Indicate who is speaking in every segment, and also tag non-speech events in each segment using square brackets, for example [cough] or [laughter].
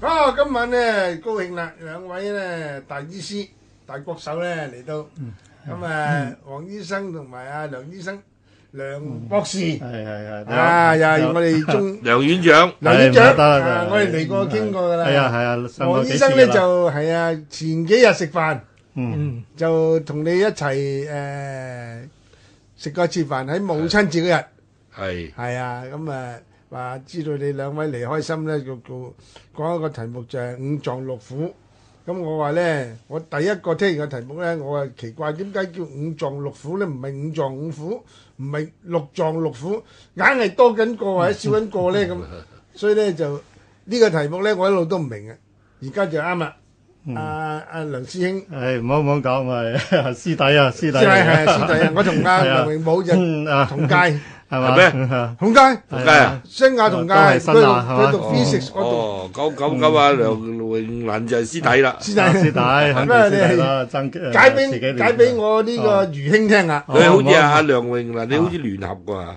Speaker 1: 啊！今晚咧高興啦，兩位咧大醫師、大國手咧嚟到，咁啊，黃醫生同埋阿梁醫
Speaker 2: 生、梁
Speaker 3: 博士，係係係，啊又係我哋中梁院長，梁院長，我哋嚟過傾過噶啦，係啊係啊，黃醫生咧就
Speaker 1: 係啊前幾日食飯，嗯，就同你一齊誒食過次飯喺母親節嗰日，係係啊，咁啊。話知道你兩位嚟，開心咧，叫叫講一個題目就係五臟六腑。咁我話咧，我第一個聽完個題目咧，我係奇怪點解叫五臟六腑咧？唔係五臟五腑，唔係六臟六腑，硬係多緊個或者少緊個咧咁。所以咧就呢個題目咧，我一路都唔明啊。而家就啱啦。
Speaker 2: 阿阿梁師兄，係唔好唔好講我係師弟啊，師弟係師弟啊，我同阿梁永寶就同屆。係咪？同佳，同佳啊！星亞同佳，佢
Speaker 3: 讀 physics，我讀哦。九九九啊！梁詠蘭就係師弟啦，師弟，師弟，係咪？師弟啊！解俾，解俾
Speaker 1: 我呢個余兄
Speaker 3: 聽啊，你好似阿梁詠蘭你好似聯合噶。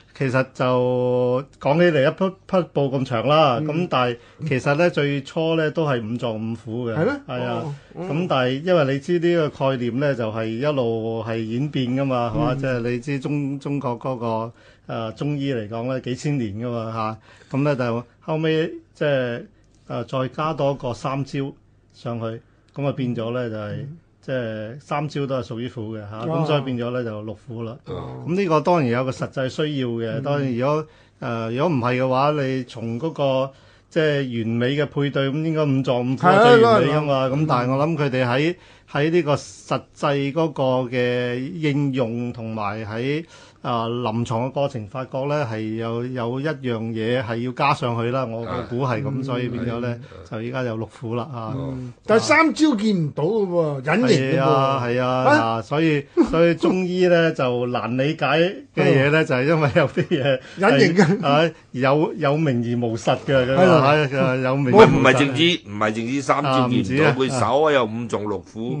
Speaker 2: 其實就講起嚟一匹匹布咁長啦，咁、嗯、但係其實咧、嗯、最初咧都係五臟五腑嘅，係咧嗎，係啊，咁、哦、但係因為你知呢個概念咧就係、是、一路係演變噶嘛，係嘛、嗯，即係、就是、你知中中國嗰、那個、呃、中醫嚟講咧幾千年噶嘛嚇，咁、啊、咧就後、是、尾，即係誒再加多個三焦上去，咁啊變咗咧就係、是。嗯即係三招都係屬於腑嘅嚇，咁、啊啊、所以變咗咧就六腑啦。咁呢、啊、個當然有個實際需要嘅。嗯、當然如果誒、呃、如果唔係嘅話，你從嗰、那個即係完美嘅配對，咁、嗯、應該五臟五腑最的完美啊嘛。咁但係我諗佢哋喺，嗯嗯喺呢個實際嗰個嘅應用同埋喺啊臨牀嘅過程，發覺咧係有有一樣嘢係要加上去啦。我估係咁，所以變咗咧就依家有六腑啦啊！
Speaker 1: 但係三招見唔到㗎喎，隱形嘅係
Speaker 2: 啊嗱，所以所以中醫咧就難理解嘅嘢咧，就係因為有啲嘢隱形嘅，係有有名而無實嘅。喺度睇嘅有名而無實，唔係唔係淨止唔係淨止三招見唔到佢手啊，
Speaker 3: 有五臟六腑。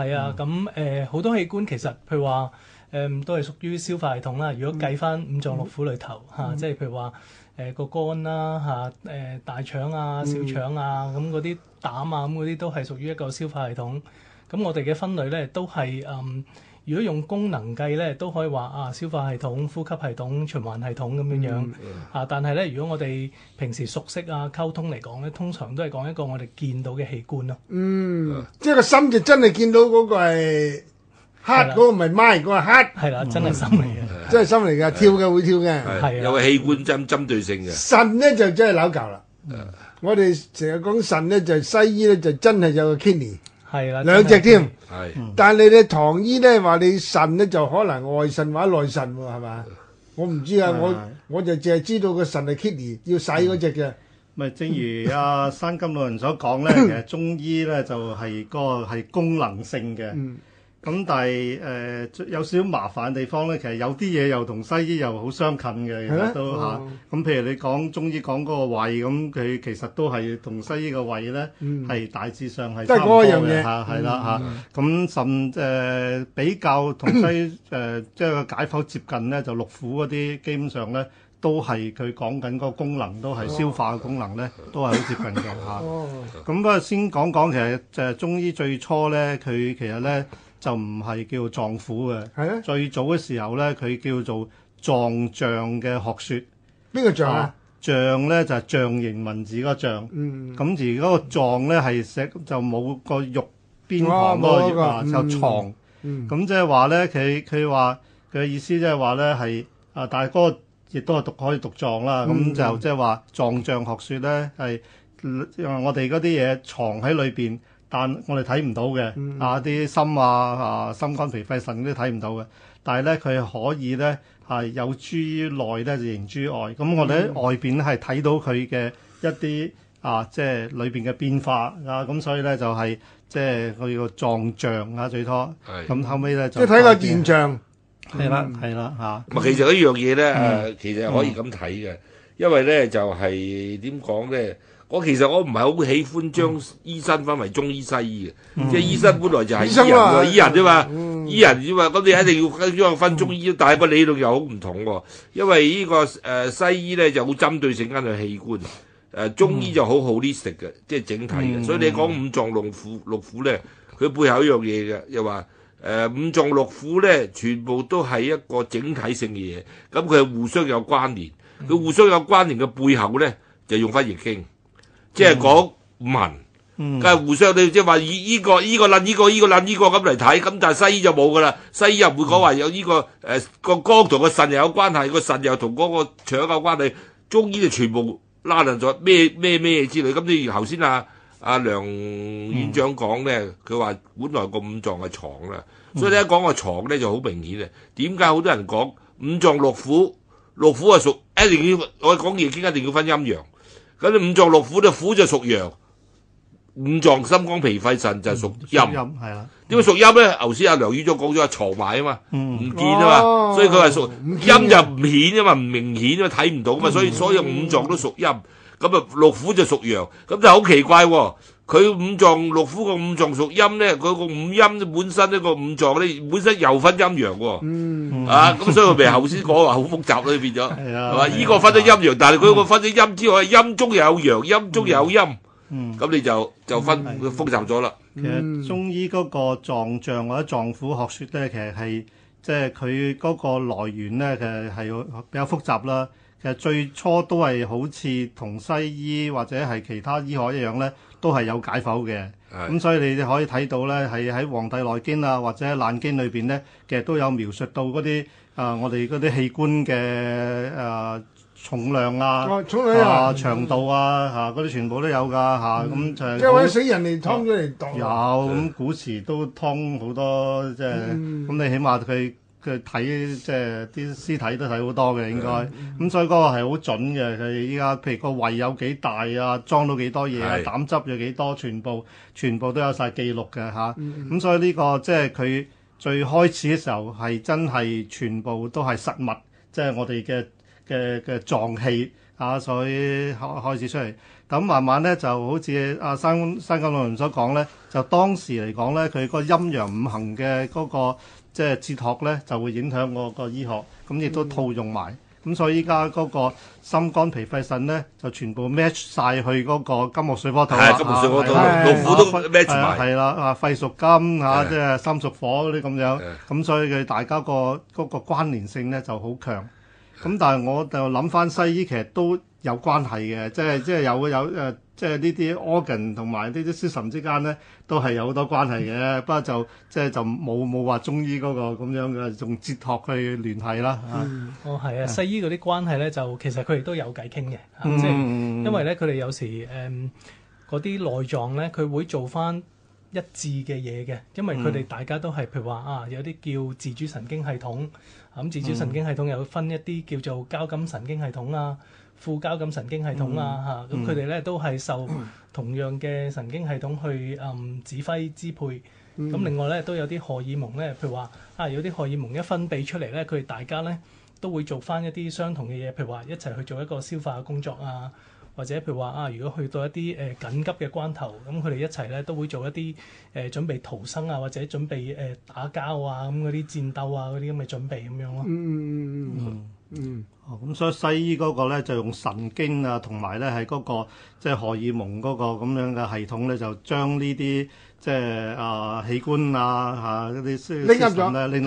Speaker 4: 係啊，咁誒好多器官其實，譬如話誒、呃、都係屬於消化系統啦。如果計翻五臟六腑裏頭嚇、嗯啊，即係譬如話誒、呃、個肝啦、啊、嚇，誒、啊呃、大腸啊、小腸啊，咁嗰啲膽啊，咁嗰啲都係屬於一個消化系統。咁我哋嘅分類咧都係誒。嗯。如果用功能計咧，都可以話啊，消化系統、呼吸系統、循環系統咁樣樣啊。但係咧，如果我哋平時熟悉啊溝通嚟講咧，通常都係講一個我哋見到嘅器官咯。嗯，
Speaker 1: 即係個心就真係見到嗰個係黑嗰個，唔係麥個黑係啦，真係心嚟嘅，真係心嚟噶，跳嘅會跳嘅，係啊。
Speaker 3: 有個器官針針對性嘅
Speaker 1: 腎咧就真係扭舊啦。我哋成日講腎呢，就係西醫咧就真係有個 kidney。係啦，兩隻添。係，隻的但係你哋唐醫咧話你腎咧就可能外腎或者內腎喎，係嘛？我唔知啊，我我就淨係知道個腎係 kidney 要洗嗰隻嘅。
Speaker 2: 咪正如阿山金老人所講咧， [coughs] 其實中醫咧就係、嗰個係功能性嘅。 [coughs] 咁但係誒有少少麻煩嘅地方咧，其實有啲嘢又同西醫又好相近嘅，其實都嚇。咁譬如你講中醫講嗰個胃，咁佢其實都係同西醫個胃咧，係大致上係。即係嗰一樣嘢，係啦嚇。咁甚誒比較同西誒即係個解剖接近咧，就六腑嗰啲基本上咧，都係佢講緊嗰個功能都係消化嘅功能咧，都係好接近嘅嚇。咁不過先講講其實就係中醫最初咧，佢其實咧。就唔係叫臟腑嘅，呢最早嘅時候咧，佢叫做藏象嘅學説。邊個象啊？象咧、啊、就係象形文字嗯嗯個象。咁而嗰個藏咧係石，就冇個肉邊旁、哦那個就藏。咁即係話咧，佢佢話佢嘅意思即係話咧係啊，但係亦都係讀可以讀藏啦。咁、啊、就即係話藏象學説咧係我哋嗰啲嘢藏喺裏邊。但我哋睇唔到嘅，啊啲心啊、啊心肝脾肺腎都睇唔到嘅。但係咧，佢可以咧係有諸於內咧就形諸於外。咁我哋喺外邊咧係睇到佢嘅一啲啊，即係裏邊嘅變化啊。咁所以咧就係即係佢個狀象啊，最初。係。咁後尾咧。即係睇個現象。係啦，係啦，嚇。咪其實一樣嘢咧，其實可以
Speaker 3: 咁睇嘅，因為咧就係點講咧？我其實我唔係好喜歡將醫生分為中醫西醫嘅，嗯、即係醫生本來就係醫人㗎，是醫人啫嘛，嗯、醫人啫嘛，咁、嗯、你一定要將分中醫，嗯、但係個理論又好唔同喎、哦，因為呢、這個誒、呃、西醫咧就好針對性跟佢器官，誒、呃、中醫就好 holistic 嘅，嗯、即係整體嘅，嗯、所以你講五臟六腑六腑咧，佢背後有一樣嘢嘅，又話誒五臟六腑咧，全部都係一個整體性嘅嘢，咁佢係互相互有關聯，佢互相互有關聯嘅背後咧，就是、用翻《易經》。即係講文，梗係、嗯、互相你即係話以呢個呢個論呢個呢個論依個咁嚟睇，咁但係西醫就冇噶啦，西醫又唔會講話有呢、呢個誒、嗯呃、個肝同個腎又有關係，個腎又同嗰個腸有關係。中醫就全部拉攏咗咩咩咩之類。咁你頭先啊阿、啊、梁院長講咧，佢話、嗯、本來個五臟嘅藏啦，嗯、所以你一講個藏咧就好明顯啊。點解好多人講五臟六腑，六腑係屬一定要我講嘢，依家一定要分陰陽。咁你五臟六腑咧，腑就屬陽，五臟心肝脾肺腎就屬陰，係啦、嗯。點解屬陰咧？頭先阿梁宇忠講咗阿藏埋啊嘛，唔見啊嘛，所以佢係屬陰就唔顯啊嘛，唔明顯啊嘛，睇唔到啊嘛，所以所以五臟都屬陰，咁啊六腑就屬陽，咁就好奇怪喎、啊。佢五臟六腑個五臟屬陰咧，佢個五陰本身呢個五臟咧，臟本身又分陰陽喎。嗯、啊，咁所以我哋頭先講話好複雜咧，變咗。係啊。係嘛吧？依個分咗陰陽，但係佢個分咗陰之外，陰中有陽，陰中有陰。嗯。咁你就就分的複雜咗啦。嗯、
Speaker 2: 其實中醫嗰個臟象或者臟腑學説咧，其實係即係佢嗰個來源咧，其實係比較複雜啦。其實最初都係好似同西醫或者係其他醫學一樣咧。都係有解剖嘅，咁的、嗯、所以你可以睇到咧，係喺《黃帝內經》啊或者《難經》裏邊咧，其實都有描述到嗰啲啊，我哋嗰啲器官嘅啊、呃、重量啊，長度啊，嚇嗰啲全部都有噶嚇，咁就即係揾死人嚟劏咗嚟有咁的，古時都劏好多，即係咁你起碼佢。嗯嗯佢睇即係啲屍體都睇好多嘅應該，咁的、嗯、所以嗰個係好準嘅。佢依家譬如個胃有幾大啊，裝到幾多嘢，啊，膽的汁有幾多，全部全部都有晒記錄嘅吓，咁、啊嗯嗯嗯、所以呢、呢個即係佢最開始嘅時候係真係全部都係實物，即、就、係、是、我哋嘅嘅嘅臟器啊，所以開始出嚟。咁慢慢咧就好似阿生新加坡人所講咧，就當時嚟講咧，佢嗰個陰陽五行嘅嗰、嗰個。嗰個即係哲學咧，就會影響我、這個醫學，咁亦都套用埋，咁、嗯嗯、所以依家嗰個心肝脾肺腎咧，就全部 match 晒去嗰個金木水火土、啊。金木、哎啊、水火土，啊、老虎都 match 埋。係啦、啊，啊肺屬金嚇，哎、即係心屬火嗰啲咁樣，咁、哎嗯、所以佢大家個嗰、那個關聯性咧就好強。咁、哎哎、但係我就諗翻西醫其實都有關係嘅，即係即係有有誒。有有呃即係呢啲 organ 同埋呢啲 system 之間咧，都係有好多關係嘅。嗯、不過就即係就冇冇話中醫嗰、嗰個咁樣嘅，用哲學去聯繫啦嚇。嗯啊、哦，係啊，啊西
Speaker 4: 醫嗰啲關係咧，就其實佢哋都有偈傾嘅，即係、嗯、因為咧佢哋有時誒嗰啲內臟咧，佢會做翻一致嘅嘢嘅，因為佢哋大家都係譬、嗯、如話啊，有啲叫自主神經系統，咁、嗯、自主神經系統又分一啲叫做交感神經系統啊。副交感神經系統啊，嚇咁佢哋咧都係受同樣嘅神經系統去誒、嗯、指揮支配。咁、啊、另外咧都有啲荷爾蒙咧，譬如話啊有啲荷爾蒙一分泌出嚟咧，佢哋大家咧都會做返一啲相同嘅嘢，譬如話一齊去做一個消化嘅工作啊。或者譬如話啊，如果去到一啲誒、呃、緊急嘅關頭，咁佢哋一齊咧都會做一啲誒、呃、準備逃生啊，或者準備誒、呃、打交啊，咁嗰啲戰鬥啊嗰啲咁嘅準備咁樣咯。
Speaker 2: 嗯嗯嗯嗯哦，咁所以西醫嗰個咧就用神經啊，同埋咧係嗰個即係、就是、荷爾蒙嗰個咁樣嘅系統咧，就將呢啲。即係啊器官啊嚇嗰啲，拎笠咁啦，拎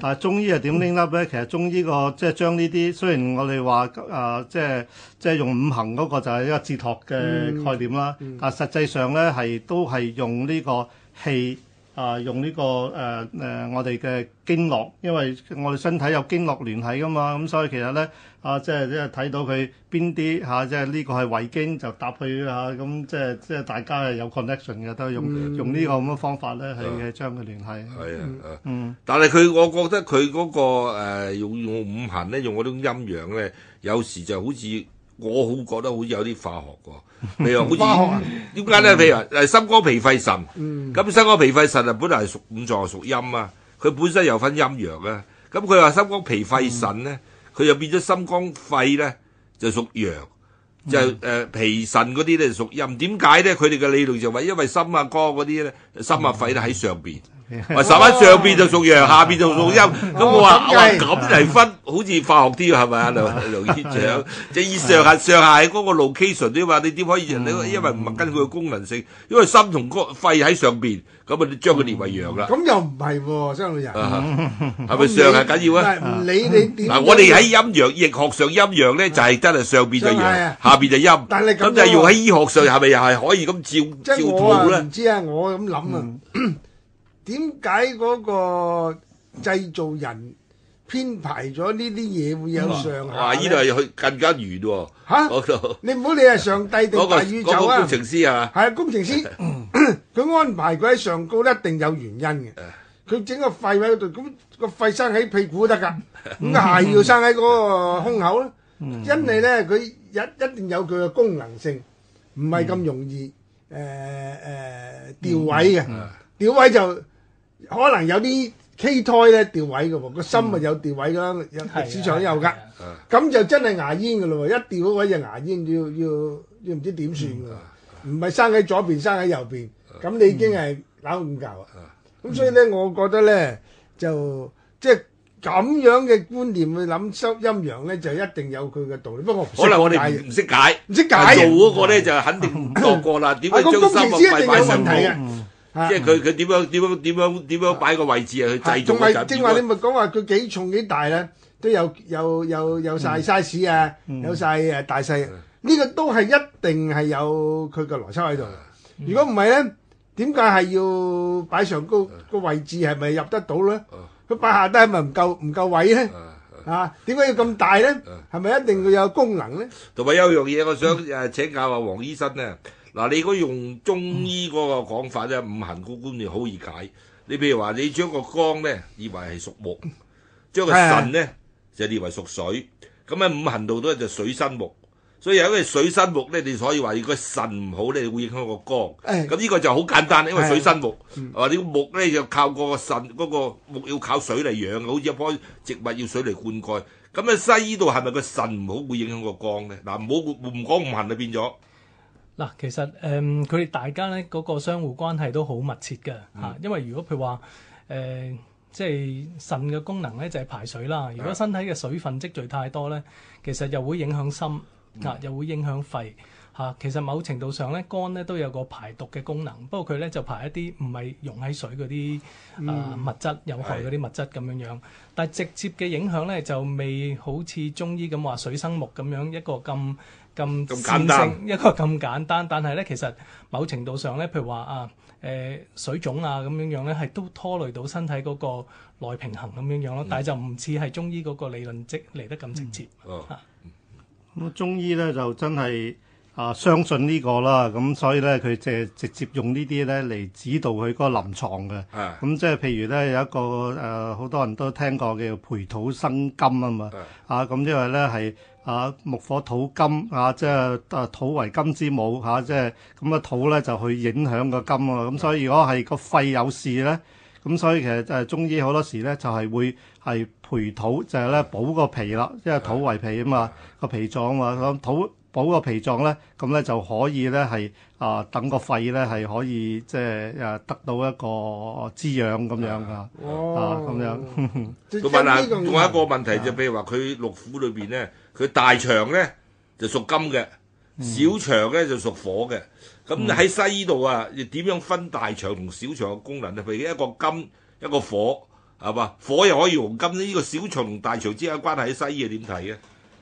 Speaker 2: 但係中醫係點拎笠咧？嗯、其實中醫個即係將呢啲，雖然我哋話啊，即係即係用五行嗰個就係一個治託嘅概念啦，嗯嗯、但係實際上咧係都係用呢個氣。啊！用呢、這個誒誒、呃呃，我哋嘅經絡，因為我哋身體有經絡聯繫噶嘛，咁、嗯、所以其實咧啊，即係即係睇到佢邊啲嚇，即係呢、啊、個係胃經，就搭配咁，即係即係大家係有 connection 嘅，都用、嗯、用呢個咁嘅方法咧，係嘅、
Speaker 3: 啊、將佢聯繫。係啊，嗯，啊、但係佢，我覺得佢嗰、那個、呃、用用五行咧，用嗰種陰陽咧，有時就好似。我好覺得好似有啲化學喎，
Speaker 2: 譬如好似
Speaker 3: 點解咧？譬如誒心肝脾肺腎，咁心肝脾肺腎啊本來係屬五臟，屬陰啊。佢本身有分陰陽啊。咁佢話心肝脾肺腎咧，佢又變咗心肝肺咧就屬陽，就誒脾腎嗰啲咧屬陰。點解咧？佢哋嘅理論就話，因為心啊肝嗰啲咧，心啊肺咧喺上邊。咪喺上邊就屬陽，下邊就屬陰。咁我話我咁嚟分，好似化學啲係咪啊？梁梁醫生，即係以上下上下嗰個 location 啲話，你點可以？你因為唔係根據佢嘅功能性，因為心同個肺喺上邊，咁啊，你將佢列為陽啦。咁
Speaker 1: 又唔係喎，張老仁，
Speaker 3: 係咪上下緊要啊？唔理你。嗱，我哋喺陰陽易學上陰陽咧，就係得係上邊就陽，下邊就陰。但係咁就用喺醫學上，係咪又係可以咁照照套咧？唔
Speaker 1: 知啊，我咁諗啊。點解嗰個製造人編排咗呢啲嘢會有上下呢？呢度係去
Speaker 3: 更加遠喎。
Speaker 1: 嚇，你唔好理係上帝定大宇宙啊！嗰個嗰個、工程師係、啊、嘛？係、啊、工程師，佢 [laughs] [coughs] 安排佢喺上高咧，一定有原因嘅。佢整個肺位嗰度，咁、嗰個肺生喺屁股得㗎，咁鞋 [laughs] 要生喺嗰個胸口咧， [coughs] 因為咧佢一一定有佢嘅功能性，唔係咁容易誒誒調位嘅，調位就。 [coughs] [coughs] [coughs] 可能有啲畸胎咧掉位嘅，個心咪有掉位啦，個市場都有噶，咁就真係牙煙嘅咯喎，一掉嗰位就牙煙，要要要唔知點算嘅喎，唔係生喺左邊，生喺右邊，咁你已經係攪五舊啊，咁所以咧，我覺得咧就即係咁樣嘅觀念去諗收陰陽咧，就一定有佢嘅道理。不過我可能我哋唔
Speaker 3: 識解，唔識解做嗰個咧就肯定唔多過啦。點解一定有問題嘅？即係佢佢點樣點樣點樣點樣擺個位置啊？去製造仲話，正話你
Speaker 1: 咪講話佢幾重幾大咧，都有有有有曬 size 啊，有晒誒大細。呢個都係一定係有佢個邏輯喺度。如果唔係咧，點解係要擺上高個位置？係咪入得到咧？佢擺下低係咪唔夠唔夠位咧？啊，點解要咁大咧？係咪一定要有功能咧？
Speaker 3: 同埋有樣嘢我想誒請教下黃醫生啊。嗱、啊，你如果用中醫嗰個講法咧，五行嗰個觀念好易解。你譬如話，你將個肝咧，以為係屬木；將個腎咧，就列為屬水。咁喺五行度都就水生木，所以因為水生木咧，你所以話如果腎唔好咧，你會影響個肝。咁呢、哎、個就好簡單，因為水生木，啊啲、哎、木咧就靠個腎嗰、嗰個木要靠水嚟養，好似一樖植物要水嚟灌溉。咁喺西醫度係咪個腎唔好會影響個肝咧？嗱、啊，唔好唔講五行就變咗。
Speaker 4: 嗱，其實誒佢哋大家咧嗰、那個相互關係都好密切嘅嚇，嗯、因為如果譬如話誒即係腎嘅功能咧就係、是、排水啦，如果身體嘅水分積聚太多咧，其實又會影響心，嗯、啊又會影響肺嚇、啊。其實某程度上咧肝咧都有個排毒嘅功能，不過佢咧就排一啲唔係溶喺水嗰啲、嗯、啊物質有害嗰啲物質咁樣樣，嗯、但係直接嘅影響咧就未好似中醫咁話水生木咁樣一個咁。咁簡單，簡單一個咁簡單，但係咧，其實某程度上咧，譬如話啊，誒、呃、水腫啊咁樣樣咧，係都拖累到身體嗰個內平衡咁樣樣咯。但係就唔似係中醫嗰個理論即嚟得咁直接嚇。
Speaker 2: 咁中醫咧就真係。啊，相信呢個啦，咁、啊、所以咧，佢就係直接用呢啲咧嚟指導佢嗰個臨牀嘅。咁、啊嗯、即係譬如咧有一個誒，好、呃、多人都聽過叫培土生金啊嘛。啊，咁、嗯嗯、因為咧係啊木火土金啊，即、就、係、是、啊土為金之母嚇，即係咁啊、就是嗯、土咧就去影響個金咯。咁、嗯嗯、所以如果係個肺有事咧，咁所以其實誒中醫好多時咧就係、是、會係培土就係、是、咧補個脾啦，即、就、為、是、土為脾啊嘛，個脾臟啊嘛、嗯嗯、土。嗯嗯嗯嗯嗯補個脾臟咧，咁咧就可以咧係啊，等個肺咧係可以即係啊得到一個滋養咁樣噶，啊咁樣。咁、呃、問下，仲有一個
Speaker 3: 問題就譬的如話佢六腑裏邊咧，佢大腸咧就屬金嘅，嗯、小腸咧就屬火嘅。咁喺西醫度啊，點樣分大腸同小腸嘅功能啊？譬、嗯、如一個金，一個火，係嘛？火又可以用金咧？呢、呢個小腸同大腸之間關係喺西醫點睇嘅？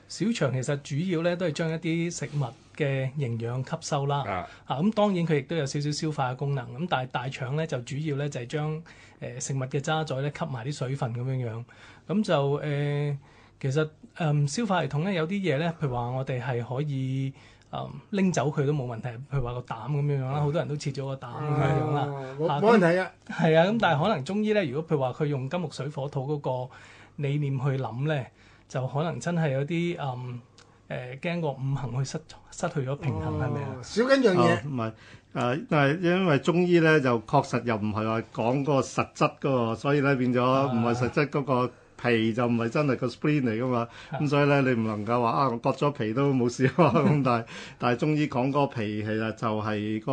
Speaker 4: 小腸其實主要咧都係將一啲食物嘅營養吸收啦，啊咁、啊嗯、當然佢亦都有少少消化嘅功能，咁但係大腸咧就主要咧就係、是、將誒、呃、食物嘅渣滓咧吸埋啲水分咁樣樣，咁就誒、呃、其實誒、呃、消化系統咧有啲嘢咧，譬如話我哋係可以誒拎、呃、走佢都冇問題，譬如話個膽咁樣樣啦，好多人都切咗個膽咁樣樣啦，冇、啊啊、問題啊，係啊，咁、啊、但係可能中醫咧，如果譬如話佢用金木水火土嗰個理念去諗咧。就可能真係有啲嗯誒驚、呃、過五行去失失去咗平衡，係咪啊？
Speaker 1: 少緊樣嘢
Speaker 2: 唔係啊，但係因為中醫咧就確實又唔係話講個實質嗰個，所以咧變咗唔係實質嗰個。皮就唔係真係個 spleen 嚟噶嘛，咁的所以咧你唔能夠話啊，我割咗皮都冇事咁，但係 [laughs] 但係中醫講個脾其實就係、那個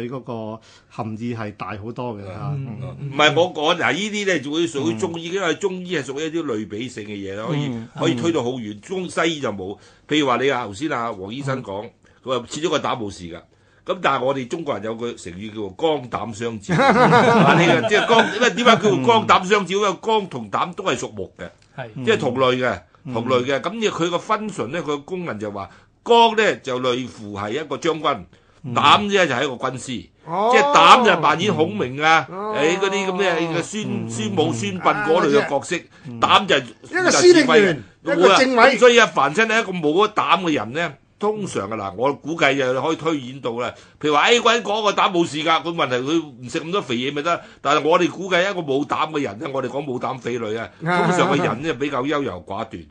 Speaker 2: 佢嗰個含義係大好多嘅嚇。唔係我
Speaker 3: 講嗱，呢啲咧就會屬於中醫，嗯、因為中醫係屬於一啲類比性嘅嘢啦，可以、嗯、可以推到好遠。中西醫就冇，譬如話你啊，頭先啊黃醫生講，佢話、嗯、始終佢打冇事㗎。咁但係我哋中國人有個成語叫做肝膽相照，呢個即係肝，因為點解叫做肝膽相照咧？肝同膽都係屬木嘅，即係同類嘅，同類嘅。咁嘢佢個分層咧，佢功能就話肝咧就類乎係一個將軍，膽咧就係一個軍師，即係膽就扮演孔明啊，誒嗰啲咁咩孫孫武、孫臏嗰類嘅角色，膽就一個司令，一個政委。所以凡親咧一個冇咗膽嘅人咧。通常啊嗱，我估計就可以推演到啦。譬如話哎，關於嗰個膽冇事噶，佢問題佢唔食咁多肥嘢咪得。但係我哋估計一個冇膽嘅人咧，我哋講冇膽匪類啊，通常嘅人咧比較優柔寡斷。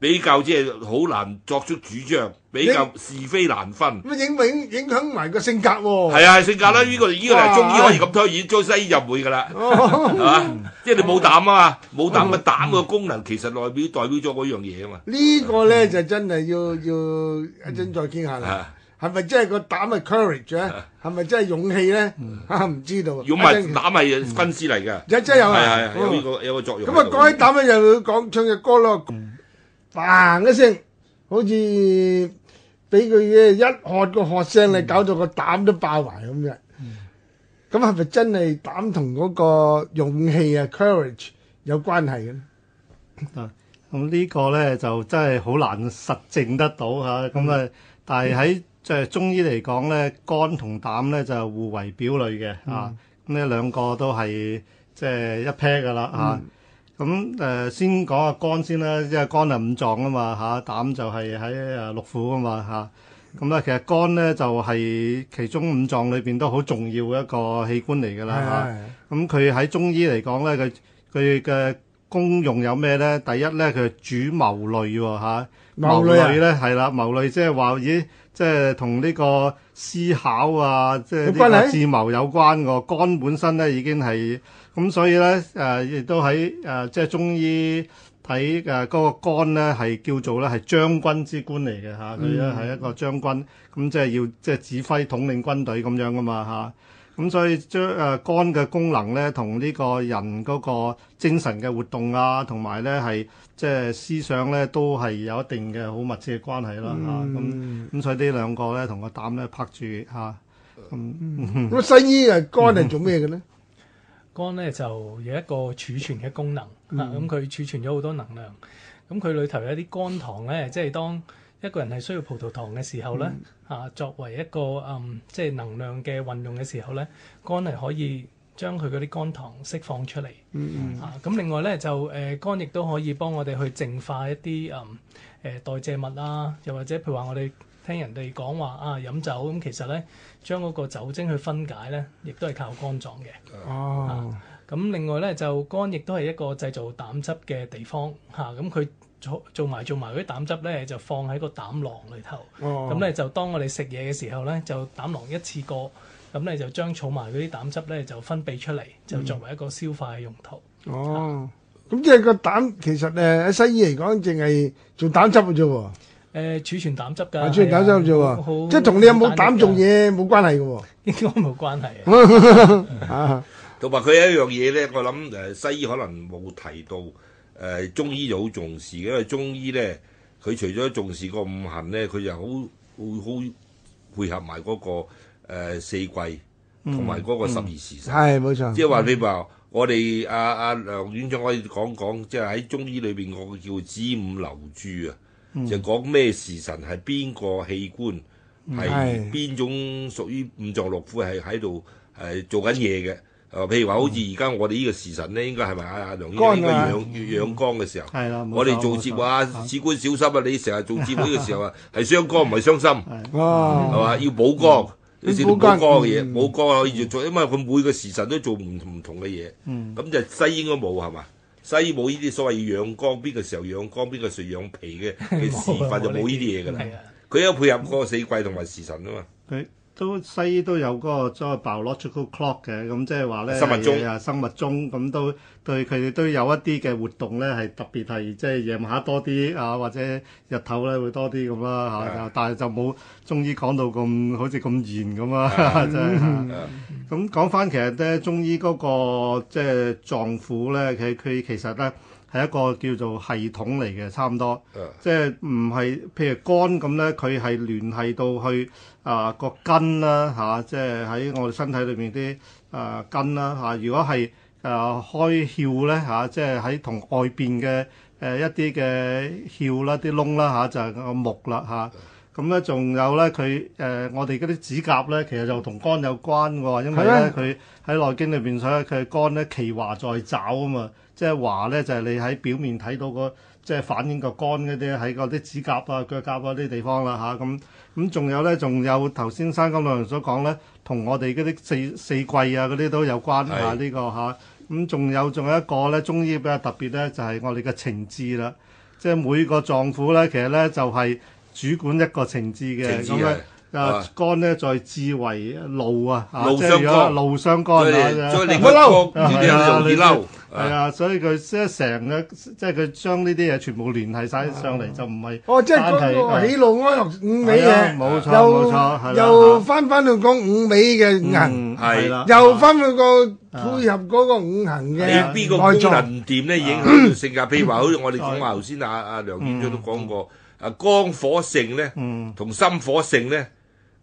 Speaker 3: 比較即係好難作出主張，比較是非難分。影
Speaker 1: 影影響埋個性格喎。係啊，
Speaker 3: 性格啦。呢個呢個係中醫可以咁推演，將西醫就唔會噶啦。係嘛？即係你冇膽啊嘛，冇膽嘅膽嘅功能其實代表代表咗嗰樣嘢啊嘛。呢
Speaker 1: 個咧就真係要要一陣再傾下啦。係咪真係個膽係 courage 咧？係咪真係勇氣咧？唔知道。勇係
Speaker 3: 膽係分屍嚟㗎。有真有係，有呢個有個作用。咁啊，講起膽
Speaker 1: 啊，又要講唱嘅歌咯。嗱，一聲好似俾佢嘅一喝個喝聲，你搞到個膽都爆埋咁樣。咁係咪真係膽同嗰個勇氣啊，courage、嗯、有關係
Speaker 2: 嘅咧？啊，咁呢個咧就真係好難實證得到嚇。咁啊、嗯，但係喺即係中醫嚟講咧，肝同膽咧就互為表裏嘅啊。咁咧兩個都係即係一 pair 噶啦嚇。咁誒、嗯呃、先講下肝先啦，因為肝啊五臟嘛啊嘛嚇，膽就係喺誒六腑嘛啊嘛嚇。咁、嗯、咧其實肝咧就係、是、其中五臟裏邊都好重要嘅一個器官嚟㗎啦嚇。咁佢喺中醫嚟講咧，佢佢嘅功用有咩咧？第一咧，佢係主謀慮喎嚇。
Speaker 3: 謀慮咧
Speaker 2: 係啦，謀慮即係話咦，即係同呢個思考啊，即係呢個智謀有關㗎。肝本身咧已經係。咁、 [music] 嗯、所以咧，誒、呃、亦都喺誒、呃、即係中醫睇誒嗰個肝咧，係叫做咧係將軍之官嚟嘅嚇，佢咧係一個將軍，咁即係要即係指揮統領軍隊咁樣噶嘛嚇。咁、啊嗯、所以將誒、呃、肝嘅功能咧，同呢個人嗰個精神嘅活動啊，同埋咧係即係思想咧，都係有一定嘅好密切嘅關係啦嚇。咁咁所以呢兩個咧，同個膽咧拍住嚇。咁咁西
Speaker 1: 醫嘅肝係
Speaker 4: 做咩嘅咧？肝咧就有一個儲存嘅功能嚇，咁佢、嗯啊、儲存咗好多能量。咁佢裏頭有啲肝糖咧，即、就、係、是、當一個人係需要葡萄糖嘅時候咧嚇、嗯啊，作為一個嗯即係、就是、能量嘅運用嘅時候咧，肝係可以將佢嗰啲肝糖釋放出嚟嚇。咁、嗯嗯啊、另外咧就誒肝亦都可以幫我哋去淨化一啲嗯誒、呃、代謝物啦、啊，又或者譬如話我哋。聽人哋講話啊，飲酒咁其實咧，將嗰個酒精去分解咧，亦都係靠肝臟嘅。哦，咁、啊、另外咧就肝亦都係一個製造膽汁嘅地方嚇，咁、啊、佢做做埋做埋嗰啲膽汁咧，就放喺個膽囊裏頭。哦，咁咧就當我哋食嘢嘅時候咧，就膽囊一次過，咁咧就將儲埋嗰啲膽汁咧就分泌出嚟，就作為一個消化嘅用途。
Speaker 1: 哦，咁、嗯嗯嗯嗯、即係個膽其實誒喺西醫嚟講，淨係做膽汁嘅啫喎。
Speaker 4: 誒，儲存膽汁噶，儲存膽汁啫，即係同你有冇膽
Speaker 1: 做嘢，冇關係噶喎，應該冇關係啊。
Speaker 3: 同埋佢有一樣嘢咧，我諗誒，西醫可能冇提到，誒，中醫就好重視，因為中醫咧，佢除咗重視個五行咧，佢就好會好配合埋嗰個誒四季同埋嗰個十二時辰，係冇錯。即係話你話我哋阿阿梁院長，可以講講，即係喺中醫裏邊，我叫子午流注啊。就講咩時辰係邊個器官係邊種屬於五臟六腑係喺度係做緊嘢嘅？譬如話好似而家我哋呢個時辰咧，應該係咪啊？梁應該養養肝嘅時候，我哋做節目啊，官小心啊！你成日做節目嘅時候啊，係傷肝唔係傷心，
Speaker 2: 係嘛？
Speaker 3: 要補肝，你先補肝嘅嘢，補肝可以做，因為佢每個時辰都做唔唔同嘅嘢。嗯，咁就西應該冇係嘛？西醫冇呢啲所謂養肝，邊個時候養肝，邊個時候養脾嘅，佢 [laughs] 時分就冇呢啲嘢㗎啦。佢 [laughs] 有配合嗰個四季同埋時辰啊嘛。
Speaker 2: [laughs] [laughs] 都西醫都有嗰個所謂 biological clock 嘅，咁即係話咧生物啊生物鐘咁都對佢哋都有一啲嘅活動咧，係特別係即係夜晚黑多啲啊，或者日頭咧會多啲咁啦嚇，啊、Yeah. 但係就冇中醫講到咁好似咁嚴咁啦，即係咁講翻其實咧，中醫嗰、那個即係臟腑咧，佢、就、佢、是、其實咧。係一個叫做系統嚟嘅，差唔多，uh. 即係唔係譬如肝咁咧，佢係聯繫到去啊、呃、個根啦，嚇、啊，即係喺我哋身體裏邊啲啊根啦，嚇。如果係、呃、啊開竅咧，嚇，即係喺同外邊嘅誒一啲嘅竅啦、啲窿啦，嚇、啊，就係、是、個木啦，嚇、啊。咁咧仲有咧，佢誒、呃、我哋嗰啲指甲咧，其實就同肝有關嘅喎，因為咧佢喺內經裏邊，所以佢嘅肝咧其華在爪啊嘛。即係話咧，就係、是、你喺表面睇到個即係反映個肝嗰啲喺嗰啲指甲啊、腳甲嗰、啊、啲地方啦嚇咁。咁、啊、仲、嗯嗯、有咧，仲有頭先生咁多人所講咧，同我哋嗰啲四四季啊嗰啲都有關是啊呢個嚇。咁、嗯、仲有仲有一個咧，中醫比較特別咧，就係、是、我哋嘅情志啦。即、就、係、是、每個臟腑咧，其實咧就係、是、主管一個情志嘅。啊肝咧在智慧路啊，路相肝，路相肝，再靈活，呢啲都容易嬲，係啊，所以佢即係成個，即係佢將呢啲嘢全部聯繫晒上嚟，就唔係哦，即係喜怒哀樂五味嘢，冇錯冇錯，又
Speaker 1: 翻翻去講五味嘅銀，係啦，又翻去個配合嗰個五行嘅，你邊個功能
Speaker 3: 唔掂咧，影響性格，譬如話好似我哋講話頭先啊啊梁建章都講過，啊肝火盛咧，同心火盛咧。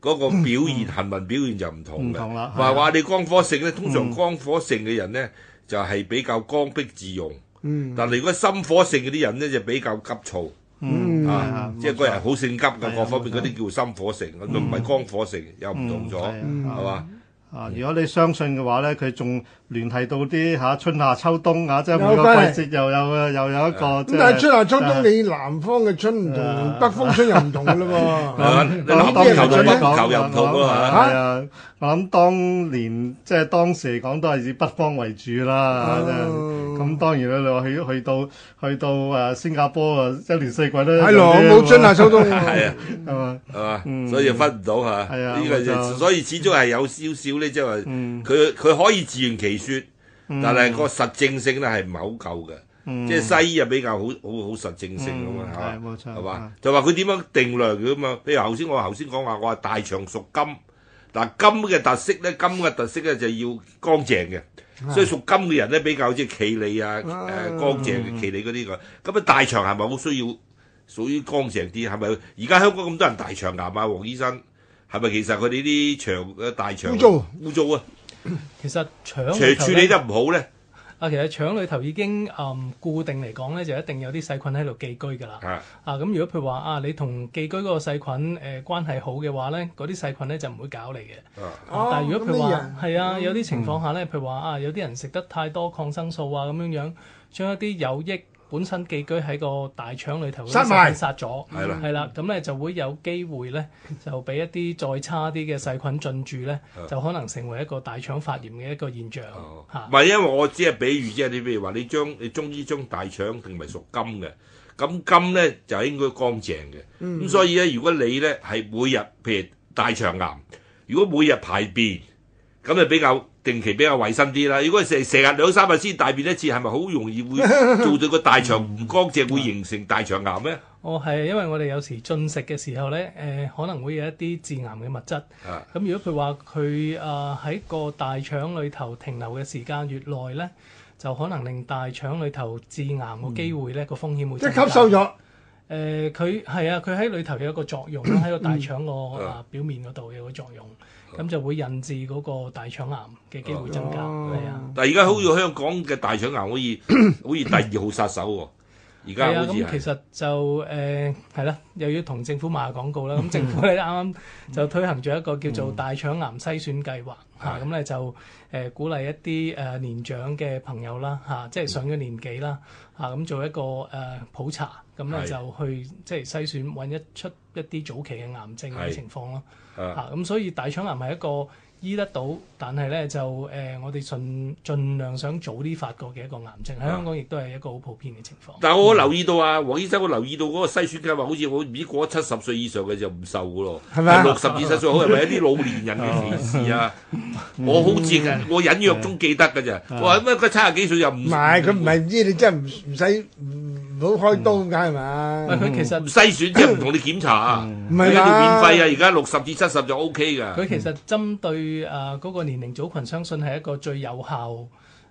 Speaker 3: 嗰個表現行文表現就唔同嘅，話話你光火性咧，通常光火性嘅人咧就係比較剛愎自用。嗯，但係如果心火性嗰啲人咧就比較急躁。嗯，啊，即係個人好性急嘅，各方面嗰啲叫心火性，都唔係光火性，又唔同咗係嘛？
Speaker 2: 啊，如果你相信嘅話咧，佢仲聯繫到啲嚇春夏秋冬啊，即係每個季節又有又有一個。但係春夏秋冬，你南方嘅春同北方春又唔同嘅喎。你入球
Speaker 3: 同入球入
Speaker 2: 套啊啊，我諗當年即係當時嚟講，都係以北方為主啦。咁當然啦，你話去去到去到誒新加坡啊，一年四季都係囉，冇春夏秋冬係啊，係嘛？嗯，所以就分唔到嚇。係啊，呢個所
Speaker 3: 以始終係有少少咧，即係話佢佢可以自圓其。說，但係個實證性咧係唔係好夠嘅，即係西醫又比較好好好實證性噶嘛，係嘛，就話佢點樣定量佢啊嘛。譬如頭先我頭先講話，我話大腸屬金，嗱金嘅特色咧，金嘅特色咧就要乾淨嘅，所以屬金嘅人咧比較即係企理啊，誒乾淨企理嗰啲個。咁啊大腸係咪好需要屬於乾淨啲？係咪？而家香港咁多人大腸癌啊，黃醫生係咪？其實佢哋啲腸大腸污糟污糟啊！其實
Speaker 4: 腸除處理得唔好咧，啊，其實腸裏頭已經嗯固定嚟講咧，就一定有啲細菌喺度寄居㗎啦。啊，咁、啊、如果譬如話啊，你同寄居嗰個細菌誒、呃、關係好嘅話咧，嗰啲細菌咧就唔會搞你嘅。啊、但係如果譬如話係、哦、啊，有啲情況下咧，嗯、譬如話啊，有啲人食得太多抗生素啊，咁樣樣將一啲有益，本身寄居喺個大腸裏頭嘅細菌殺咗，係啦，係啦，咁咧就會有機會咧，就俾一啲再差啲嘅細菌進駐咧，嗯、就可能成為一個大腸發炎嘅一個現象嚇。唔係、嗯、
Speaker 3: 係嘅因為我只係比喻啫，你譬如話你將你中醫將大腸定係屬金嘅，咁金咧就應該乾淨嘅，咁、嗯、所以咧如果你咧係每日譬如大腸癌，如果每日排便。咁就比較定期比較衞生啲啦。如果成成日兩三日先大便一次，係咪好容易會做到個大腸唔乾淨，會形成大腸癌咩？
Speaker 4: 哦，係因為我哋有時進食嘅時候咧，誒可能會有一啲致癌嘅物質。咁如果佢話佢啊，喺個大腸裏頭停留嘅時間越耐咧，就可能令大腸裏頭致癌嘅機會咧個風險會大。即係吸收咗。誒，佢係啊，佢喺裏頭有一個作用啦，喺個大腸個啊表面嗰度有個作用。咁就會引致嗰個大腸癌嘅機會增加，係啊！啊但係而家好似
Speaker 3: 香港嘅大腸癌好似 [coughs] 好似第二號殺手喎、哦。係啊，咁、嗯、其實
Speaker 4: 就誒係啦，又要同政府賣下廣告啦。咁政府咧啱啱就推行咗一個叫做大腸癌篩選計劃嚇，咁咧、嗯啊、就誒、呃、鼓勵一啲誒、呃、年長嘅朋友啦嚇、啊，即係上咗年紀啦嚇，咁、啊、做一個誒、呃、普查，咁、啊、咧就去的即係篩選揾一出一啲早期嘅癌症嘅情況咯嚇。咁、啊啊、所以大腸癌係一個。醫得到，但係咧就誒、呃，我哋盡盡量想早啲發覺嘅一個癌症，喺的香港亦都係一個好普遍嘅情況。但係我留意
Speaker 3: 到啊，黃醫生，我留意到嗰個篩選計劃好似我唔知過咗七十歲以上嘅就唔受嘅咯，係咪嗎？六十二、七十歲，係咪 [laughs] 一啲老年人嘅事。啊？ [laughs] 我好似，我隱約中記得㗎咋。話乜佢七十幾歲又唔？
Speaker 1: 唔係的，佢唔係唔知你真係唔唔使唔。冇開刀㗎係嘛？佢其實
Speaker 3: 唔篩選即係唔同你檢查，唔係啊！而家免費啊！而家六十至七十就 O K 噶。佢其實
Speaker 4: 針對啊嗰個年齡組群，相信係一個最有效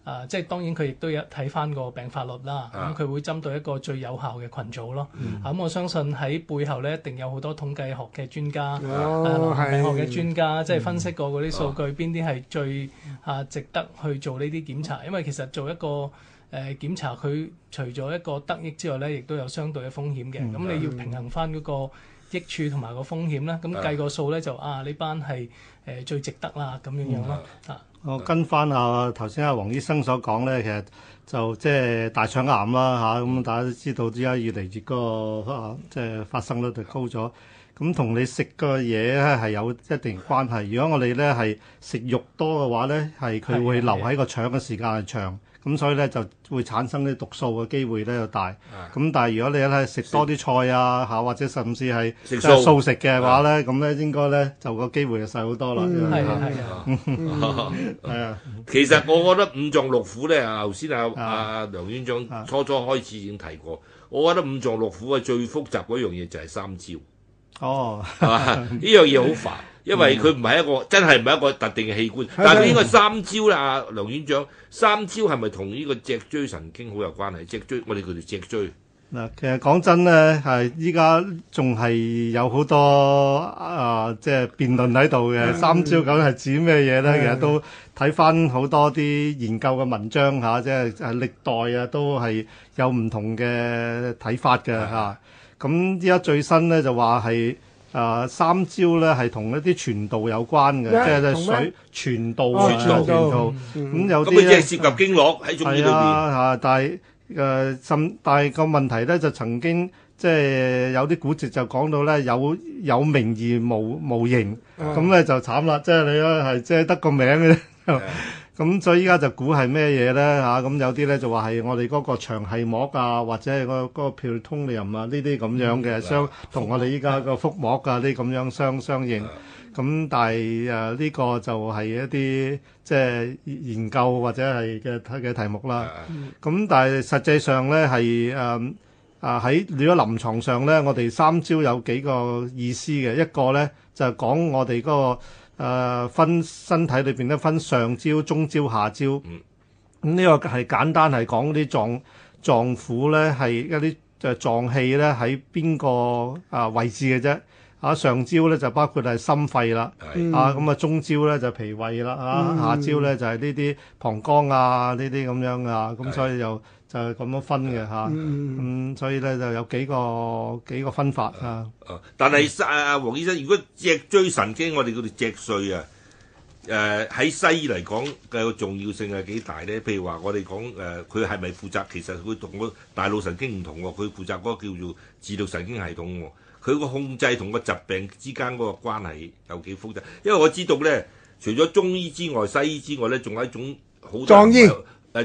Speaker 4: 啊！即係當然佢亦都有睇翻個病發率啦。咁佢會針對一個最有效嘅群組咯。咁我相信喺背後咧，一定有好多統計學嘅專家、流行病學嘅專家，即係分析過嗰啲數據，邊啲係最啊值得去做呢啲檢查。因為其實做一個誒檢查佢除咗一個得益之外咧，亦都有相對嘅風險嘅。咁、嗯、你要平衡翻嗰個益處同埋個風險啦。咁計個數咧就啊，呢班係誒、呃、最值得啦，咁樣樣咯。嗯嗯、
Speaker 2: 跟啊，我跟翻啊頭先阿黃醫生所講咧，其實就即係、就是、大腸癌啦吓，咁、啊、大家都知道，而家越嚟越個即係、啊就是、發生率就高咗。咁同你食個嘢咧係有一定關係。如果我哋咧係食肉多嘅話咧，係佢會留喺個腸嘅時間係長。咁所以咧就會產生啲毒素嘅機會咧就大，咁但係如果你一係食多啲菜啊嚇，或者甚至係食素食嘅話咧，咁咧應該咧就個機會就
Speaker 3: 細好多啦。係啊啊，其實我覺得五臟六腑咧，頭先阿啊梁院長初初開始已經提過，我覺得五臟六腑啊最複雜嗰樣嘢就係三焦。
Speaker 2: 哦，呢樣嘢好煩。因為佢
Speaker 3: 唔係一個真係唔係一個特定嘅器官，但係呢個三招咧，阿梁院長，三招係咪同呢個脊椎神經好有關係？脊椎我哋叫條脊椎。
Speaker 2: 嗱，其實講真咧，係依家仲係有好多啊，即係辯論喺度嘅，三招究竟係指咩嘢咧？其實都睇翻好多啲研究嘅文章嚇，即係歷代啊都係有唔同嘅睇法嘅嚇。咁依家最新咧就話係。誒、啊、三焦咧係同一啲傳道有關嘅，yeah, 即係水傳道水之、哦、道，咁有啲咧涉及
Speaker 3: 經絡喺中意啦
Speaker 2: 嚇，但係誒、啊、甚，但係個問題咧就曾經即係有啲古籍就講到咧有有名而無無形，咁咧、嗯、就慘啦，即係你咧係即係得個名嘅。咁、嗯、所以依家就估、啊嗯、係咩嘢咧吓？咁有啲咧就話係我哋嗰個腸系膜啊，或者係嗰嗰個 peritoneum 啊，呢啲咁樣嘅相同、嗯、我哋依家個腹膜啊呢啲咁樣相相應。咁、嗯嗯、但係誒呢個就係一啲即係研究或者係嘅嘅題目啦。咁、嗯嗯、但係實際上咧係誒啊喺如果臨床上咧，我哋三招有幾個意思嘅一個咧就係、是、講我哋嗰、那個。誒、呃、分身體裏邊咧分上焦、中焦、下焦。咁呢、嗯嗯，呢個係簡單係講啲臟臟腑咧係一啲誒臟器咧喺邊個啊位置嘅啫。啊上焦咧就包括係心肺啦。是啊咁啊中焦咧就脾胃啦。啊、嗯、下焦咧就係呢啲膀胱啊呢啲咁樣啊。咁、嗯、是所以就。就咁樣分嘅嚇，咁、嗯嗯、所以咧就有幾個幾個分法啊，
Speaker 3: 啊。但係阿黃醫生，如果脊椎神經我哋嗰條脊髓啊，誒、啊、喺西醫嚟講嘅重要性係幾大咧？譬如話我哋講誒，佢係咪負責？其實佢同個大腦神經唔同喎，佢負責嗰個叫做自律神經系統喎。佢個控制同個疾病之間嗰個關係有幾複雜？因為我知道咧，除咗中醫之外，西醫之外咧，仲有一種好。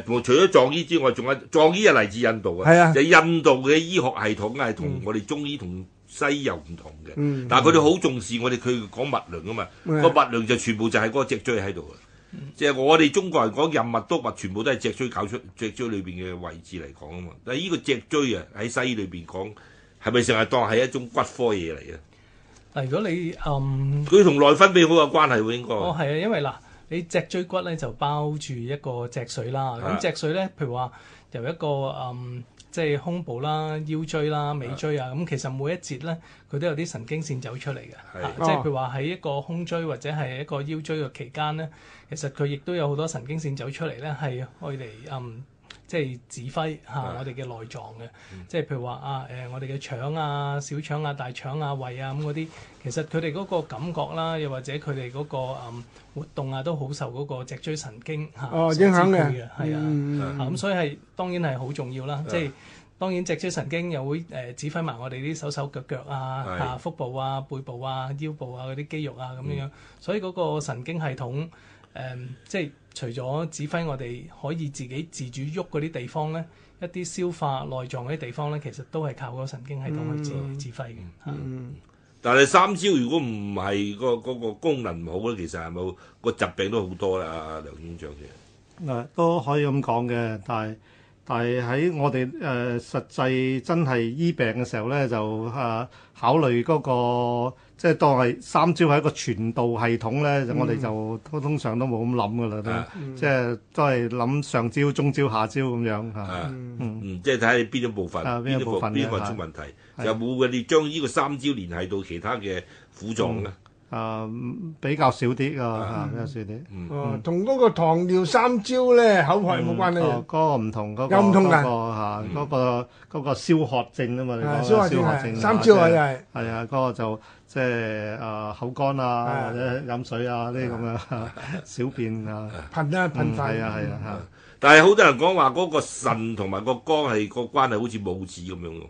Speaker 3: 除咗藏醫之外，仲有藏醫係嚟自印度嘅，啊、就印度嘅醫學系統係同我哋中醫同西醫又唔同嘅。嗯嗯、但係佢哋好重視我哋佢講物療嘅嘛，啊、個物療就全部就係個脊椎喺度嘅，即係、啊、我哋中國人講任脈督脈，全部都係脊椎搞出脊椎裏邊嘅位置嚟講啊嘛。但係呢個脊椎啊喺西醫裏邊講係咪成日當係一種骨科嘢嚟啊？
Speaker 4: 嗱，如果你
Speaker 3: 佢同、嗯、內分泌好有關係喎、啊，應該哦係
Speaker 4: 啊，因為嗱。你脊椎骨咧就包住一個脊髓啦。咁脊髓咧，譬如話由一個誒、嗯，即係胸部啦、腰椎啦、尾椎啊，咁、嗯、其實每一節咧，佢都有啲神經線走出嚟嘅。的啊、即係譬如話喺一個胸椎或者係一個腰椎嘅期間咧，其實佢亦都有好多神經線走出嚟咧，係愛嚟誒。嗯即係指揮吓、啊、我哋嘅內臟嘅，即係譬如話啊誒，我哋嘅腸啊、小腸啊、大腸啊、胃啊咁嗰啲，其實佢哋嗰個感覺啦，又或者佢哋嗰個、嗯、活動啊，都好受嗰個脊椎神經吓、啊啊、影響嘅，係、嗯、啊，咁所以係當然係好重要啦。即係當然脊椎神經又會誒指揮埋我哋啲手手腳腳啊、吓的、啊、腹部啊、背部啊、腰部啊嗰啲肌肉啊咁樣樣、嗯，所以嗰個神經系統誒、嗯、即係。除咗指揮我哋可以自己自主喐嗰啲地方咧，一啲消化內臟嗰啲地方咧，其實都係靠個神經系統去指指揮嘅、嗯。嗯，
Speaker 3: 是但係三焦如果唔係個嗰功能唔好咧，其實係咪個疾病都好多啦？梁院長嘅
Speaker 2: 誒都可以咁講嘅，但係。係喺我哋誒實際真係醫病嘅時候咧，就誒、啊、考慮嗰、那個即係當係三焦係一個傳導系統咧，嗯、我哋就通通常都冇咁諗噶啦，即係都係諗上焦、中焦、下焦咁樣嚇。嗯，
Speaker 3: 即係睇下邊一部分，邊一部分邊部分出問題。有冇你將呢個三焦連係到其他嘅腑臟咧？
Speaker 2: 啊，比較少啲㗎，比較少啲。同嗰個糖尿三焦咧，口渴有冇關呢？哦，嗰個唔同，嗰個嗰個嚇，嗰個嗰個消渴症啊嘛，你消渴症三焦啊，又係。係啊，嗰個就即係啊，口乾啊，或者飲水啊，呢啲咁樣小便啊，噴啊，噴曬啊，係啊。
Speaker 3: 但係好多人講話嗰個腎同埋個肝係個關係好似母子咁樣喎。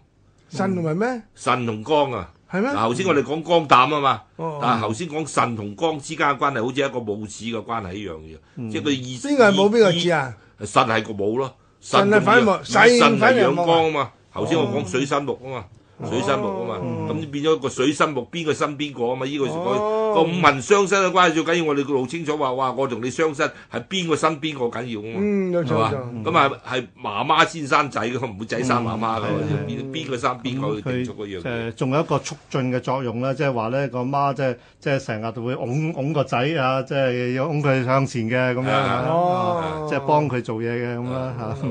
Speaker 3: 腎同埋咩？腎同肝啊。係咩？嗱，頭先我哋講肝膽啊嘛，哦、但係頭先講腎同肝之間嘅關係好似一個母子嘅關係一樣嘅，嗯、即係佢意思。邊個係母？邊個子啊？腎係個母咯，腎係反，粉，腎粉養肝啊嘛。頭先我講水生木啊嘛。哦。水生木啊嘛，咁變咗個水生木，邊個生邊個啊嘛？呢個個五行相生嘅關係最緊要，我哋好清楚話，哇！我同你相生係邊個生邊個緊要啊嘛？係嘛？咁啊係媽媽先生仔，佢唔會仔生媽媽噶邊邊個生邊個去定樣
Speaker 2: 嘢。仲有一個促進嘅作用啦，即係話咧個媽，即係即係成日會擁擁個仔啊，即係要擁佢向前嘅咁樣，即係幫佢做嘢嘅咁啦嚇。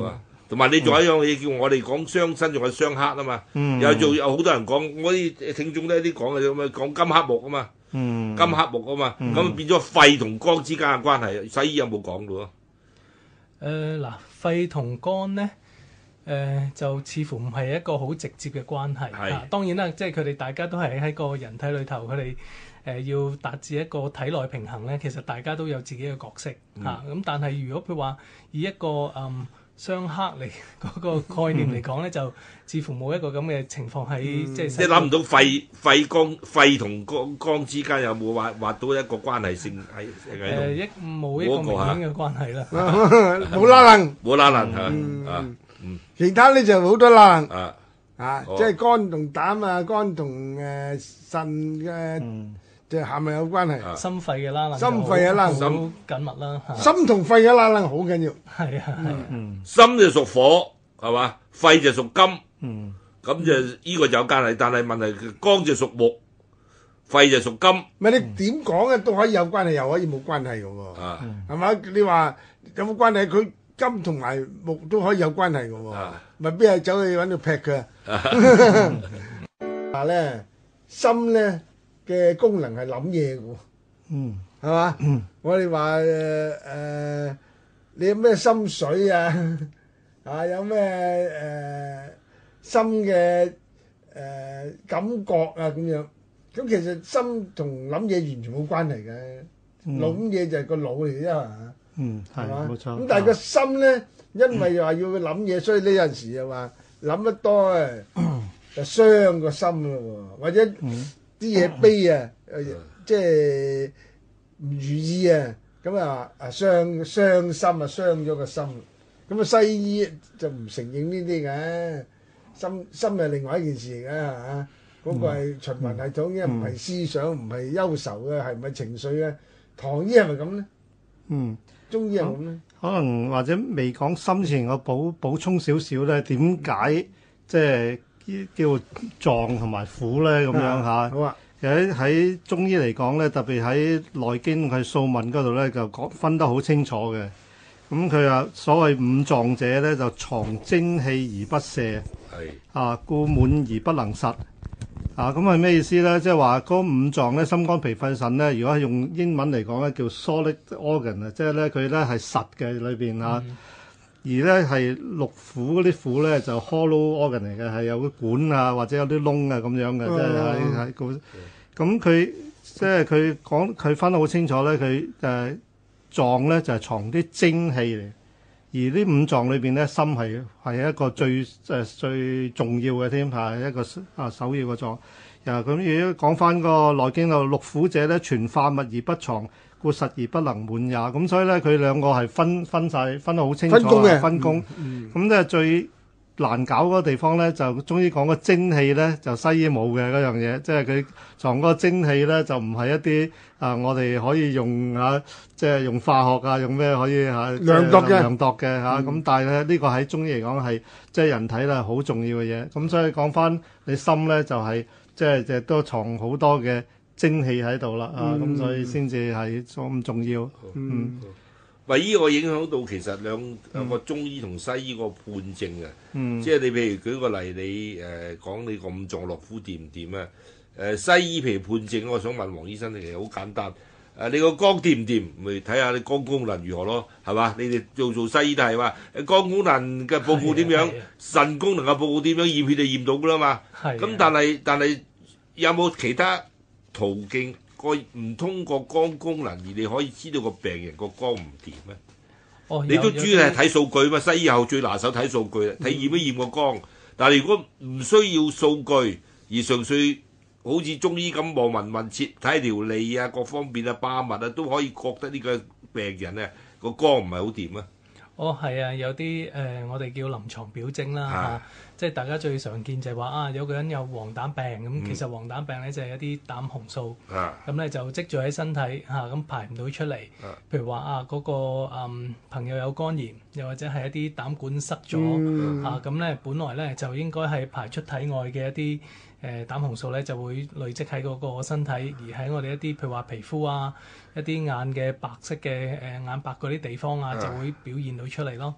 Speaker 3: 同埋你仲有一樣嘢，叫我哋講相生，仲係相克啊嘛！又做有好多人講，我啲聽眾咧啲講嘅咁啊，講金克木啊嘛，金克木啊嘛，咁變咗肺同肝之間嘅關係，西醫有冇講到啊？
Speaker 4: 誒嗱，肺同肝咧，誒就似乎唔係一個好直接嘅關係。係當然啦，即係佢哋大家都係喺個人體裏頭，佢哋誒要達至一個體內平衡咧，其實大家都有自己嘅角色嚇。咁但係如果譬如話以一個嗯。相克嚟嗰個概念嚟講咧，就、嗯、似乎冇一個咁嘅情況喺即係。即係諗唔
Speaker 3: 到肺肺肝、肺同肝肝之間有冇話話到一個關係性喺喺度。冇一,一個明顯嘅關
Speaker 1: 係啦，冇、啊啊啊、拉楞，冇拉楞係嘛？嗯，其他咧就好多楞啊，啊，啊，啊，即係肝同膽啊，肝同誒腎嘅。啊啊即係係咪有關係？心
Speaker 4: 肺嘅啦，心肺嘅，啦，好緊密啦。
Speaker 1: 心同肺嘅啦啦，好緊要。係啊，係啊。
Speaker 3: 嗯，心就屬火，係嘛？肺就屬金。嗯。咁就呢個就有關係，但係問題肝就屬木，肺就屬金。
Speaker 1: 咪你點講嘅都可以有關係，又可以冇關係㗎喎。啊。係嘛？你話有冇關係？佢金同埋木都可以有關係㗎喎。啊。未必係走去搵條劈嘅，話咧，心咧。嘅功能係諗嘢嘅喎，嗯，係嘛？我哋話誒誒，你有咩心水啊？啊，有咩誒心嘅誒感覺啊？咁樣，咁其實心同諗嘢完全冇關係嘅，諗嘢就係個腦嚟啫嘛。嗯，係嘛？
Speaker 2: 冇錯。咁但係
Speaker 1: 個心咧，因為又話要諗嘢，所以你有陣時又話諗得多誒，就傷個心咯喎，或者。
Speaker 3: 啲嘢悲啊，
Speaker 1: 即係唔如意啊，咁啊啊傷傷心啊，傷咗個心。咁啊西醫就唔承認呢啲嘅，心心係另外一件事嚟嘅嚇。嗰個係循環系統，因為唔係思想，唔係憂愁嘅，係唔係情緒咧？唐醫係咪咁咧？嗯，中醫係咪咁咧？
Speaker 2: 可能或者未講心情我補補充少少咧，點解即係？叫臟同埋腑咧，咁樣嚇、啊，好啊！其喺中醫嚟講咧，特別喺《內經》佢素問嗰度咧，就講分得好清楚嘅。咁佢話所謂五臟者咧，就藏精氣而不泄，係是啊，故滿而不能實。啊，咁係咩意思咧？即係話嗰五臟咧，心肝脾肺腎咧，如果係用英文嚟講咧，叫 solid organ 啊，即係咧佢咧係實嘅裏邊啊。而咧係六腑嗰啲腑咧就 hollow organ 嚟嘅，係有啲管啊或者有啲窿啊咁樣嘅， [noise] 即係喺咁。咁佢即係佢講佢分得好清楚咧，佢誒臟咧就係藏啲精氣嚟，而呢五臟裏邊咧心係係一個最誒最重要嘅添，係一個啊首要嘅臟。然後咁如果講返個內經啊，六腑者咧全化物而不藏。故實而不能滿也，咁所以咧佢兩個係分分晒，分得好清楚啊！分，分工，咁即係最難搞嗰個地方咧，就中醫講個精氣咧，就西醫冇嘅嗰樣嘢，即係佢藏嗰個精氣咧，就唔係一啲啊、呃，我哋可以用啊，即係用化學用啊，用咩可以嚇量度嘅量度嘅嚇，咁、啊嗯、但係咧呢個喺中醫嚟講係即係人體啦，好重要嘅嘢，咁所以講翻你心咧就係、是、即係亦都藏好多嘅。精氣喺度啦，啊咁所以先至係咁重要。嗯，
Speaker 3: 為依個影響到其實兩兩個中醫同西醫個判證嘅，嗯，即係你譬如舉個例，你誒講你咁壯落呼掂唔掂啊？誒西醫皮判證，我想問黃醫生，其實好簡單。誒你個肝掂唔掂？咪睇下你肝功能如何咯，係嘛？你哋做做西醫，都係話肝功能嘅報告點樣，腎功能嘅報告點樣，驗血就驗到噶啦嘛。係。咁但係但係有冇其他？途徑個唔通過肝功能而你可以知道個病人個肝唔掂咩？哦、你都主要係睇數據嘛？西醫又最拿手睇數據啦，睇驗一驗個肝。嗯、但係如果唔需要數據，而純粹好似中醫咁望聞問切，睇條脷啊，各方面啊，把脈啊，都可以覺得呢個病人啊個肝唔係好掂啊。
Speaker 4: 哦，係啊，有啲誒、呃，我哋叫臨床表徵啦嚇，即係大家最常見就係話啊，有個人有黃疸病咁，嗯、其實黃疸病咧就係、是、一啲膽紅素咁咧、嗯嗯、就積聚喺身體嚇，咁、啊、排唔到出嚟。譬如話啊，嗰、那個嗯朋友有肝炎，又或者係一啲膽管塞咗、嗯、啊，咁咧本來咧就應該係排出體外嘅一啲。誒膽、呃、紅素咧就會累積喺嗰個身體，而喺我哋一啲譬如話皮膚啊，一啲眼嘅白色嘅誒、呃、眼白嗰啲地方啊，就會表現到出嚟咯。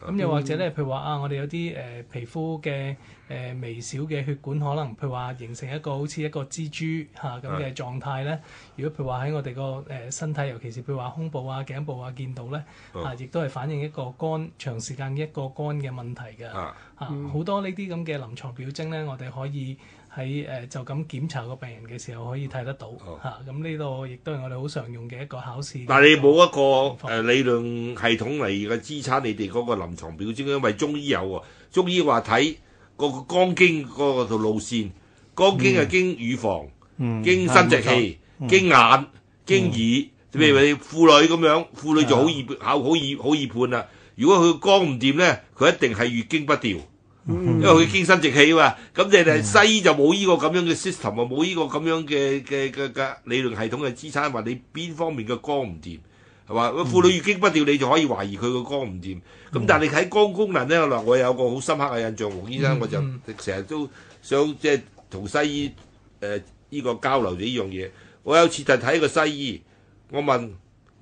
Speaker 4: 咁、啊、又或者咧，嗯、譬如話啊，我哋有啲誒、呃、皮膚嘅誒微小嘅血管，可能譬如話形成一個好似一個蜘蛛嚇咁嘅狀態咧。啊、如果譬如話喺我哋個誒身體，尤其是譬如話胸部啊、頸部啊見到咧，啊亦都係反映一個肝長時間一個肝嘅問題㗎、啊嗯嗯。啊，好多呢啲咁嘅臨床表徵咧，我哋可以，啊啊喺誒、呃、就咁檢查個病人嘅時候可以睇得到嚇，咁呢度亦都係我哋好常用嘅一個考試。但係你
Speaker 3: 冇一個誒況、呃、理論系統嚟嘅支撐，你哋嗰個臨床表徵，因為中醫有喎、啊，中醫話睇個肝經嗰條路線，肝經係經乳房、嗯嗯、經生殖器、嗯、經眼、經耳，譬如你婦女咁樣，婦女就好易，的易，易判，好易好易判啦。如果佢肝唔掂咧，佢一定係月經不調。Mm hmm. 因為佢經生直起嘛，咁你哋西醫就冇呢個咁樣嘅 system 啊、mm，冇、hmm. 呢個咁樣嘅嘅嘅嘅理論系統嘅資產話你邊方面嘅肝唔掂係嘛？個婦女月經不調，你就可以懷疑佢個肝唔掂。咁、mm hmm. 但係你睇肝功能咧，嗱，我有個好深刻嘅印象，黃醫生我就成日、mm hmm. 都想即係同西醫誒依、呃這個交流住呢樣嘢。我有次就睇個西醫，我問。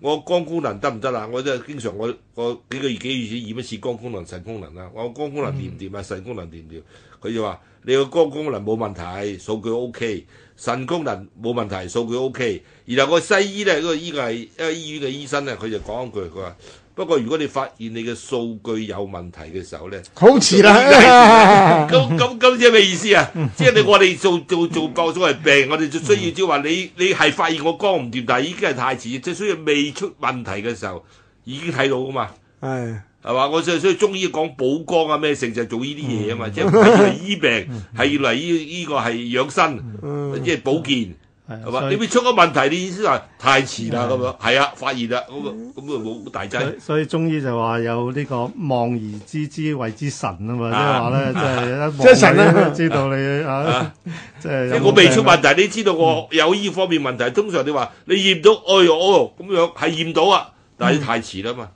Speaker 3: 我肝功能得唔得啊？我即係經常我個幾個月幾個月先驗一次肝功能、腎功能啦。我肝功能掂唔掂啊？腎功能掂唔掂？佢就話：你個肝功能冇問題，數據 OK；腎功能冇問題，數據 OK。然後個西醫咧，那個醫係一、那個醫，醫院嘅醫生咧，佢就講一句佢話。不過如果你發現你嘅數據有問題嘅時候咧，好遲啦，咁咁咁即係咩意思啊？即係你我哋做做做各種嘅病，我哋就需要即係話你你係發現我肝唔掂，但係已經係太遲，即係需要未出問題嘅時候已經睇到噶嘛。係係嘛，我需要中醫講補肝啊咩成就做呢啲嘢啊嘛，即係唔係醫病，係嚟依依個係養生，即係保健。係，咁啊！你未出個問題，你意思話太遲啦，咁樣係啊，發現啦，咁啊，咁啊冇大劑。
Speaker 2: 所以中醫就話有呢個望而知之謂之神啊嘛，即係話咧，即係一望，即係神啊！知道你啊，即係我未出問
Speaker 3: 題，你知道我有呢方面問題，通常你話你驗到哎喲，咁樣係驗到啊，但係太遲啦嘛，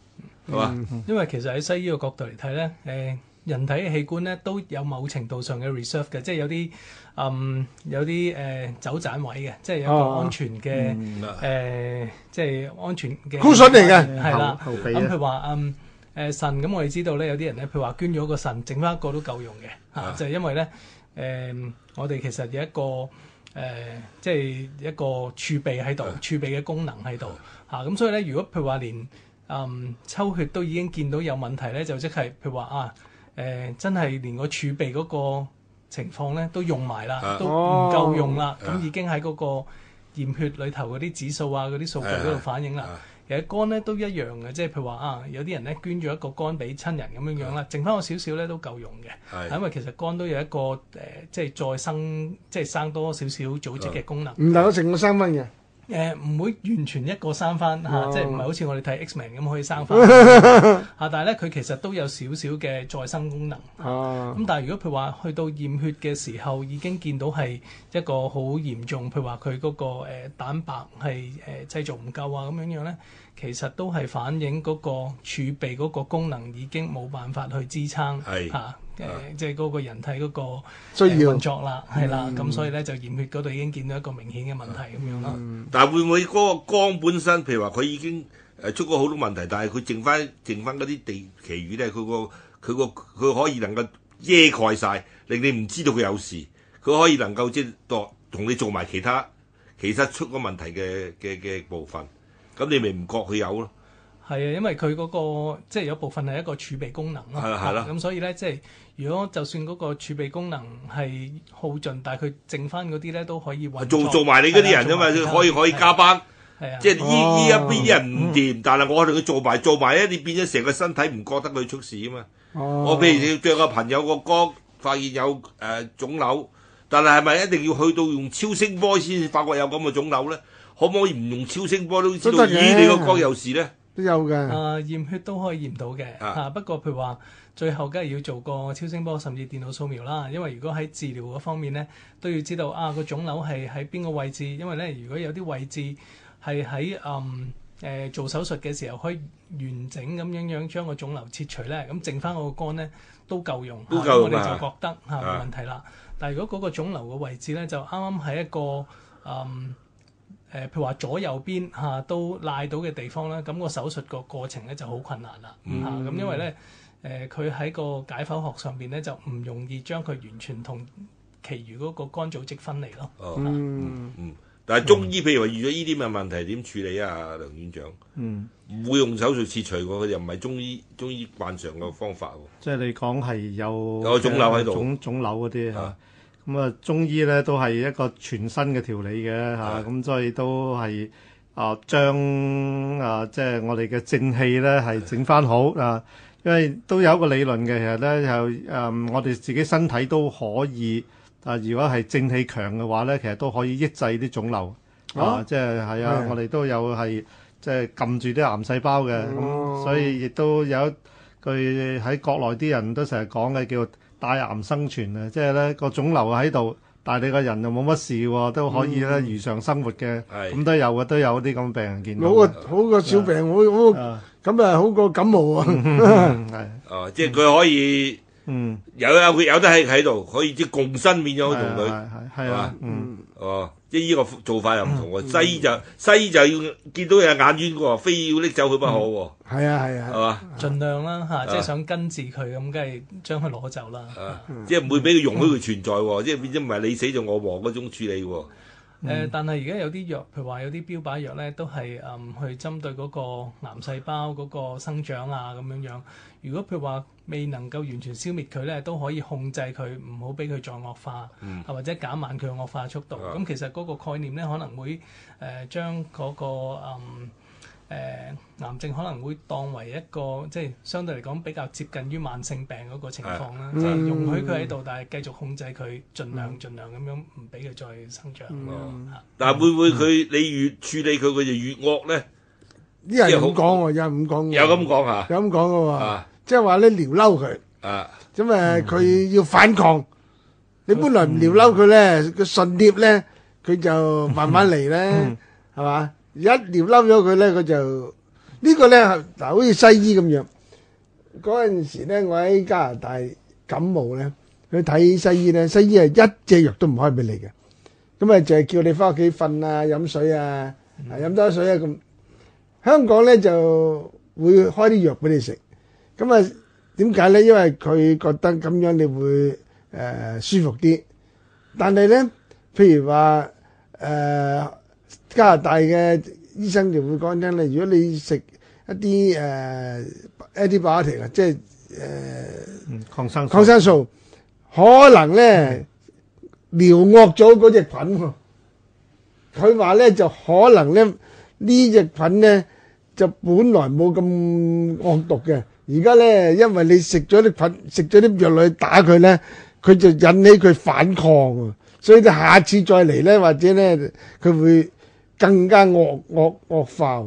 Speaker 3: 係嘛？
Speaker 4: 因為其實喺西醫嘅角度嚟睇咧，誒，人體器官咧都有某程度上嘅 reserve 嘅，即係有啲。嗯，有啲誒、呃、走盞位嘅，即係有個安全嘅誒、啊嗯呃，即係安全嘅庫存嚟嘅，係啦。咁佢話嗯誒腎咁，我哋知道咧，有啲人咧，譬如話、嗯呃嗯、捐咗個腎，整翻一個都夠用嘅嚇，啊啊、就係因為咧誒、呃，我哋其實有一個誒、呃，即係一個儲備喺度，啊、儲備嘅功能喺度嚇。咁、啊、所以咧，如果譬如話連嗯抽血都已經見到有問題咧，就即係譬如話啊誒、啊呃，真係連個儲備嗰、那個，情況咧都用埋啦，uh, 都唔夠用啦，咁、uh, 已經喺嗰個驗血裏頭嗰啲指數啊、嗰啲數據嗰度反映啦。其實、uh, uh, 肝咧都一樣嘅，即係譬如話啊，有啲人咧捐咗一個肝俾親人咁樣樣啦，uh, 剩翻我少少咧都夠用嘅，係、uh, 因為其實肝都有一個誒、呃，即係再生，即係生多少少組織嘅功能。
Speaker 1: 唔同、uh,，剩我三蚊嘅。誒
Speaker 4: 唔、呃、會完全一個生返吓，啊、即係唔係好似我哋睇 X-Men 咁可以生返吓、 [laughs] 啊，但係咧佢其實都有少少嘅再生功能。咁、啊啊、但係如果譬如話去到驗血嘅時候已經見到係一個好嚴重，譬如話佢嗰個、呃、蛋白係誒、呃、製造唔夠啊咁樣樣咧，其實都係反映嗰、嗰個儲備嗰個功能已經冇辦法去支撐係吓。是啊誒、呃，即係嗰個人體嗰、那個運作啦，係啦，咁所以咧、呃、就驗血嗰度已經見到一個明顯嘅問題咁、嗯、樣咯。
Speaker 3: 但係會唔會嗰個肝本身，譬如話佢已經誒出過好多問題，但係佢剩翻剩翻嗰啲地其餘咧，佢個佢個佢可以能夠遮蓋晒，令你唔知道佢有事。佢可以能夠即係同你做埋其他，其實出個問題嘅嘅嘅部分，咁你咪唔覺佢有咯。
Speaker 4: 係啊，因為佢嗰個即係有部分係一個儲備功能咯。係啦係啦。咁所以咧，即係如果就算嗰個儲備功能係耗盡，但係佢剩翻嗰啲咧都可以揾。做做埋你嗰啲人啊嘛，可以可以加班。係啊。即係依依一
Speaker 3: 邊啲人唔掂，但係我同佢做埋做埋咧，你變咗成個身體唔覺得佢出事啊嘛。
Speaker 4: 哦。我譬如
Speaker 3: 你著個朋友個肝，發現有誒腫瘤，但係係咪一定要去到用超聲波先至發覺有咁嘅腫瘤咧？可唔可以唔用超聲波都知道？咦，你個肝有事咧？都有嘅。啊，
Speaker 4: 驗血都可以驗到嘅。嚇、啊，不過譬如話，最後梗係要做個超聲波，甚至電腦掃描啦。因為如果喺治療嗰方面咧，都要知道啊、嗰個腫瘤係喺邊個位置。因為咧，如果有啲位置係喺嗯誒、呃、做手術嘅時候可以完整咁樣樣將個腫瘤切除咧，咁、嗯、剩返個肝咧都夠用。我哋就覺得嚇冇、啊啊、問題啦。但係如果嗰個腫瘤嘅位置咧，就啱啱喺一個嗯。誒，譬如話左右邊嚇、啊、都賴到嘅地方咧，咁、啊、個手術個過程咧就好困難啦嚇。咁、嗯啊、因為咧，誒佢喺個解剖學上邊咧就唔容易將佢完全同其餘嗰個肝組織分離咯、嗯啊嗯。嗯
Speaker 3: 嗯。但係中醫譬如話遇咗呢啲問問題點處理啊，梁院長？嗯。唔、嗯、會用手術切除喎，佢又唔係中醫中醫慣常嘅方法
Speaker 2: 喎。即係你講係有有個腫瘤喺度，腫腫瘤嗰啲嚇。啊咁啊，中醫咧都係一個全新嘅調理嘅嚇，咁的、啊嗯、所以都係啊、呃，將啊、呃、即係我哋嘅正氣咧係整翻好啊，的因為都有一個理論嘅，其實咧又誒，我哋自己身體都可以啊、呃，如果係正氣強嘅話咧，其實都可以抑制啲腫瘤啊，啊，即係係啊，的我哋都有係即係撳住啲癌細胞嘅，嗯、所以亦都有一句喺國內啲人都成日講嘅叫大癌生存啊，即係咧個腫瘤喺度，但係你個人又冇乜事，都可以咧如常生活嘅，咁、嗯、都有嘅，都有啲咁病人見到。是
Speaker 1: 好個好個小病，是好好咁啊，好過的感冒啊，係、嗯、
Speaker 3: [laughs] 哦，即係佢可以，嗯，有有佢有得喺喺度，可以即係共生變咗同佢，係係啊，的的嗯，哦。即呢個做法又唔同喎、嗯，西醫就西醫就要見到有眼冤嘅話，非要拎走佢不可喎。係啊係啊，係嘛、啊？
Speaker 4: 吧盡量啦嚇，啊啊、即係想根治佢咁，梗係將佢攞走啦。即係唔會俾佢容許佢
Speaker 3: 存在喎，啊啊嗯、即係變咗唔係你死、嗯嗯、就我活嗰種處理喎。啊。誒，嗯、
Speaker 4: 但係而家有啲藥，譬如話有啲標靶藥咧，都係誒、嗯、去針對嗰個癌細胞嗰個生長啊咁樣樣。如果譬如話未能夠完全消滅佢咧，都可以控制佢，唔好俾佢再惡化，嗯、或者減慢佢惡化速度。咁、嗯、其實嗰個概念咧，可能會誒、呃、將嗰、嗰個、嗯誒，癌症可能會當為一個即係相對嚟講比較接近於慢性病嗰個情況啦，就容許佢喺度，但係繼續控制佢，盡量盡量咁樣唔
Speaker 3: 俾佢再生長。嗱，會唔會佢你越處理佢，佢就越惡咧？啲人好
Speaker 1: 講喎，有咁講，有咁講啊，有咁講噶即係話咧，撩嬲佢啊，咁誒佢要反抗，你本來唔撩嬲佢咧，佢順咧佢就慢慢嚟咧，係嘛？一撩嬲咗佢咧，佢就呢個咧，嗱，好似西醫咁樣。嗰陣時咧，我喺加拿大感冒咧，去睇西醫咧，西醫係一隻藥都唔開俾你嘅。咁啊，就係叫你翻屋企瞓啊，飲水啊，飲多水啊咁。香港咧就會開啲藥俾你食。咁啊，點解咧？因為佢覺得咁樣你會誒舒服啲。但係咧，譬如話誒。加拿大嘅醫生就會講聽咧，如果你食一啲誒一啲把條啊，即係誒抗生素抗生素，可能咧療惡咗嗰隻菌。佢話咧就可能咧呢隻菌咧就本來冇咁惡毒嘅，而家咧因為你食咗啲菌食咗啲藥嚟打佢咧，佢就引起佢反抗，所以你下次再嚟咧或者咧佢會。更加惡惡惡化喎，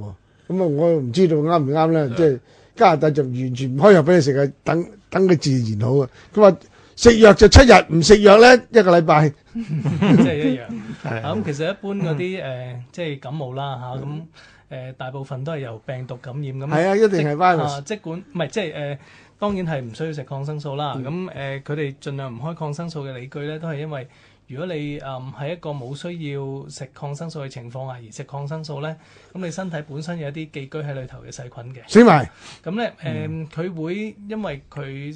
Speaker 1: 咁啊，我唔知道啱唔啱咧，即係加拿大就完全唔開藥俾你食嘅，等等佢自然好啊。佢話食藥就七日，唔食藥咧一個禮拜。即係一
Speaker 4: 樣，係。咁其實一般嗰啲誒，即係感冒啦嚇，咁誒大部分都係由病毒感染咁。係啊，一定係。即管唔係即係誒，當然係唔需要食抗生素啦。咁誒，佢哋盡量唔開抗生素嘅理據咧，都係因為。如果你誒喺一個冇需要食抗生素嘅情況下而食抗生素咧，咁你身體本身有一啲寄居喺裏頭嘅細菌嘅，死埋。咁咧誒，佢會因為佢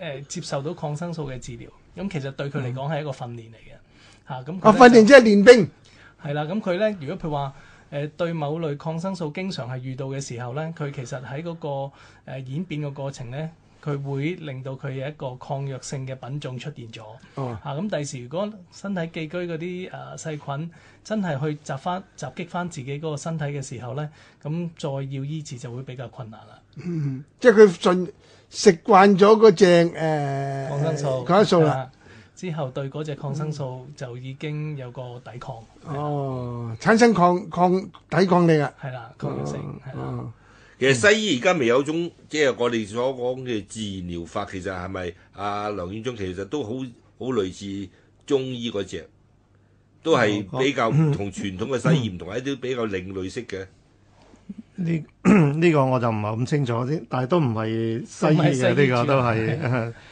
Speaker 4: 誒接受到抗生素嘅治療，咁其實對佢嚟講係一個訓練嚟嘅嚇。咁啊，訓練即係練兵。係啦，咁佢咧，如果譬如話誒對某類抗生素經常係遇到嘅時候咧，佢其實喺嗰個誒演變嘅過程咧。佢會令到佢有一個抗藥性嘅品種出現咗嚇，咁第時如果身體寄居嗰啲誒細菌真係去襲翻襲擊翻自己嗰個身體嘅時候咧，咁再要醫治就會比較困難啦。
Speaker 1: 即係佢進食慣咗嗰隻抗生素抗生素啦，
Speaker 4: 之後對嗰隻抗生素就已經有個抵抗，
Speaker 1: 哦產生抗抗抵抗力嘅，係啦抗藥
Speaker 4: 性係啦。
Speaker 3: 其實西醫而家未有種，即、就、係、是、我哋所講嘅自然療法，其實係咪阿梁院忠其實都好好類似中醫嗰隻，都係比較唔同傳、嗯、統嘅西醫，唔、嗯、同一啲比較另類式嘅。呢
Speaker 2: 呢個我就唔係咁清楚先，但係都唔係西醫嘅呢個都係、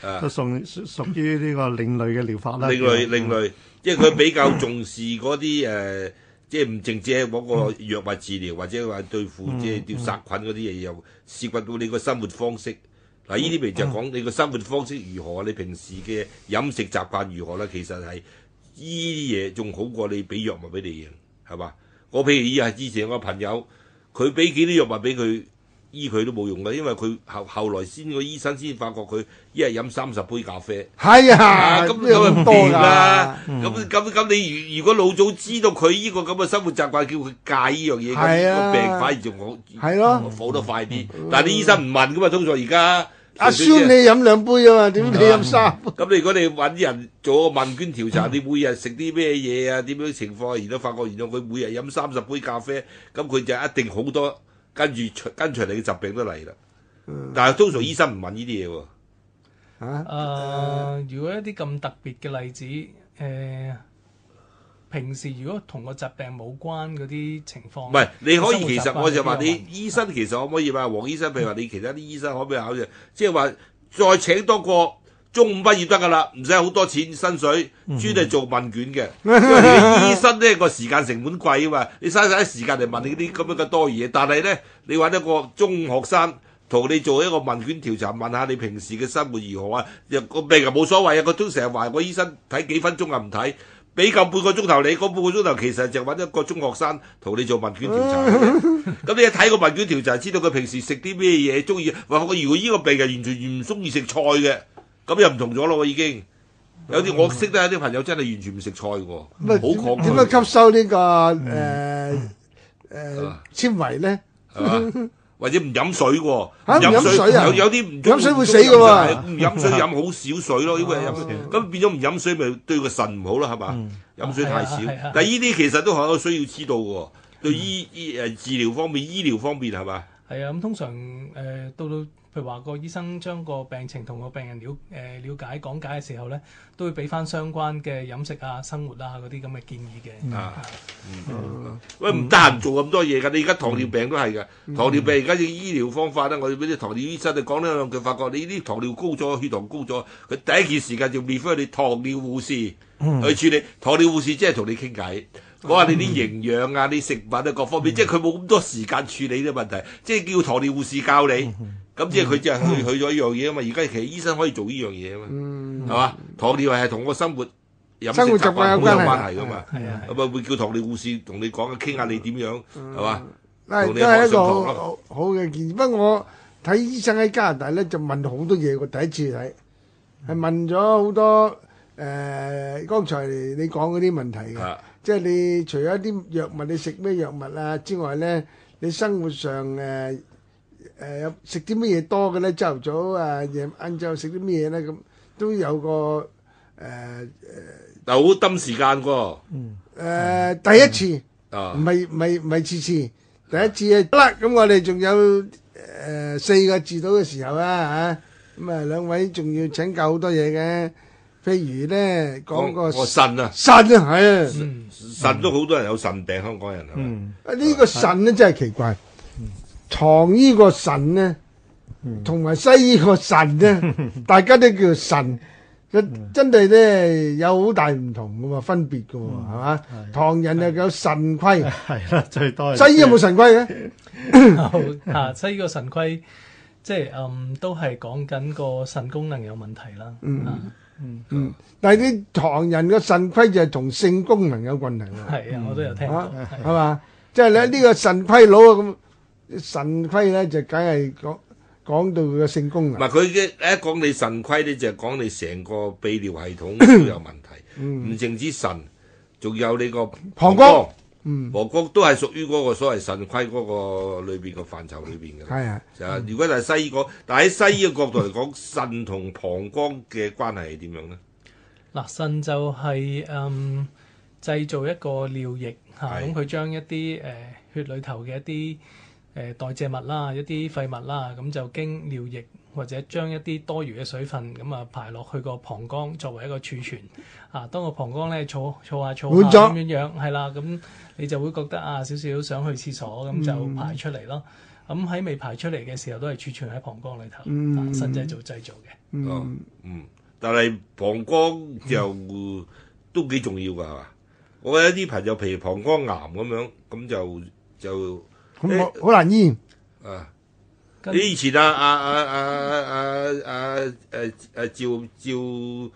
Speaker 2: 啊、都屬屬於呢個另類嘅療法啦。另類、啊、另類，
Speaker 3: 另類嗯、即係佢比較重視嗰啲誒。呃即係唔淨止係嗰個藥物治療，或者話對付、嗯、即係啲殺菌嗰啲嘢，又涉及到你個生活方式。嗱，呢啲咪就係講你個生活方式如何，你平時嘅飲食習慣如何啦。其實係依啲嘢仲好過你俾藥物俾你嘅，係嘛？我譬如又係之前我朋友，佢俾幾啲藥物俾佢。醫佢都冇用㗎，因為佢後後來先個醫生先發覺佢一日飲三十杯咖啡。係啊，咁你有多啦。咁咁咁，你如果老早知道佢呢個咁嘅生活習慣，叫佢戒呢樣嘢，個病反而仲好，係咯，好得快啲。但係啲醫生唔問噶嘛，通常而家。阿孫，你飲
Speaker 1: 兩杯啫嘛，點你飲
Speaker 3: 三？咁你如果你揾啲人做個問卷調查，你每日食啲咩嘢啊？點樣情況？而都發覺，而家佢每日飲三十杯咖啡，咁佢就一定好多。跟住跟隨你嘅疾病都嚟啦，但係通常醫生唔問呢啲嘢喎。嚇、
Speaker 4: 啊呃？如果一啲咁特別嘅例子，誒、呃，平時如果同個疾病冇關嗰啲情況，唔係你可以其實我就話你，是你，
Speaker 3: 醫生其實可唔可以話黃醫生，譬如話你其他啲醫生可唔可以考慮？嗯、即係話再請多個。中午畢業得㗎啦，唔使好多錢薪水，專係做問卷嘅。因為你醫生咧個時間成本貴啊嘛，你嘥晒啲時間嚟問你啲咁樣嘅多餘嘢。但係咧，你揾一個中學生同你做一個問卷調查，問下你平時嘅生活如何啊？又個病又冇所謂啊！佢都成日話個醫生睇幾分鐘啊，唔睇俾夠半個鐘頭你。嗰半個鐘頭其實就揾一個中學生同你做問卷調查嘅。咁你一睇個問卷調查，知道佢平時食啲咩嘢，中意或我如果依個病係完全唔中意食菜嘅。咁又唔同咗咯喎，已經有啲我識得有啲朋友真係完全唔食菜喎，好狂！點樣吸
Speaker 1: 收呢個誒誒纖維咧？
Speaker 3: 或者唔飲水喎？水有有啲唔飲水會死嘅喎，唔飲水飲好少水咯，因為咁變咗唔飲水咪對個腎唔好啦，係嘛？飲水太少。但係呢啲其實都係需要知道嘅喎，對醫醫治療方面、醫療方面係嘛？係啊，
Speaker 4: 咁通常誒到到。譬如話個醫生將個病情同個病人了誒瞭解講解嘅時候咧，都會俾翻相關嘅飲食啊、生活啊嗰啲咁嘅建議嘅
Speaker 3: 啊。喂，唔得閒做咁多嘢㗎。你而家糖尿病都係㗎，糖尿病而家嘅醫療方法咧，我哋俾啲糖尿醫生嚟講兩句，發覺你呢啲糖尿高咗，血糖高咗，佢第一件時間就 refer 你糖尿護士去處理。糖尿護士即係同你傾偈，講下你啲營養啊、啲食物啊各方面，即係佢冇咁多時間處理呢個問題，即係叫糖尿護士教你。咁即係佢即係去去咗依樣嘢啊嘛！而家其實醫生可以做依樣嘢啊嘛，係嘛？糖尿病係同個生活飲食習慣好有關係噶嘛，啊，咁咪會叫糖尿病護士同你講啊，傾下你點樣係嘛？嗱，都係一個好
Speaker 1: 好嘅建議。不過我睇醫生喺加拿大咧，就問好多嘢。我第一次睇，係問咗好多誒，剛才你講嗰啲問題嘅，即係你除咗啲藥物你食咩藥物啊之外咧，你生活上誒。誒，有食啲乜嘢多嘅咧？朝頭早啊，夜晏晝食啲乜嘢咧？咁都有個誒誒，
Speaker 3: 好抌時間噶。嗯，誒、
Speaker 1: 呃呃、第一次，唔係唔係唔係次 [laughs] 第次第一次啊。好、啊、啦，咁我哋仲有誒四個字到嘅時候啊吓，咁啊兩位仲要請教好多嘢嘅，譬如咧講個腎啊，腎啊係啊，
Speaker 3: 腎都好多人有腎病，香港人啊，啊呢個腎
Speaker 1: 咧真係奇怪。唐醫個腎呢，同埋西醫個腎呢，大家都叫腎，真真地咧有好大唔同噶嘛，分別噶係嘛？唐人又有腎虧，係啦，
Speaker 2: 最多。西醫有冇腎
Speaker 1: 虧嘅？
Speaker 4: 吓，西醫個腎虧，即係嗯，都係講緊個腎功能有問題啦。嗯嗯嗯。
Speaker 1: 但係啲唐人個腎虧就係同性功能有問題。係啊，我都有聽到。係嘛？即係你，呢個腎虧佬咁。腎虧咧，就梗係講講到佢嘅性功能。唔
Speaker 3: 係佢嘅，一講你腎虧呢，就係講你成個泌尿系統都有問題，唔淨止腎，仲有你個膀胱。嗯，膀胱都係屬於嗰個所謂腎虧嗰個裏邊個範疇裏邊嘅。係啊，如果就係西醫講，但係喺西醫嘅角度嚟講，腎同膀胱嘅關係係點樣咧？
Speaker 4: 嗱，腎就係嗯製造一個尿液吓，咁佢將一啲誒血裏頭嘅一啲。誒、呃、代謝物啦，一啲廢物啦，咁、嗯、就經尿液或者將一啲多餘嘅水分咁啊排落去個膀胱作為一個儲存啊。當個膀胱咧儲儲下儲下咁樣樣，係啦，咁你就會覺得啊少少想去廁所，咁就排出嚟咯。咁喺未排出嚟嘅時候都係儲存喺膀胱裏頭，新製造製造嘅。
Speaker 1: 嗯，嗯，嗯，嗯，嗯，
Speaker 3: 嗯，嗯但係膀胱就都幾重要㗎，係嘛？我覺得一啲朋友，譬如膀胱癌咁樣，咁就就。就就就就好難醫啊！你以前啊，阿阿阿阿阿誒誒，趙趙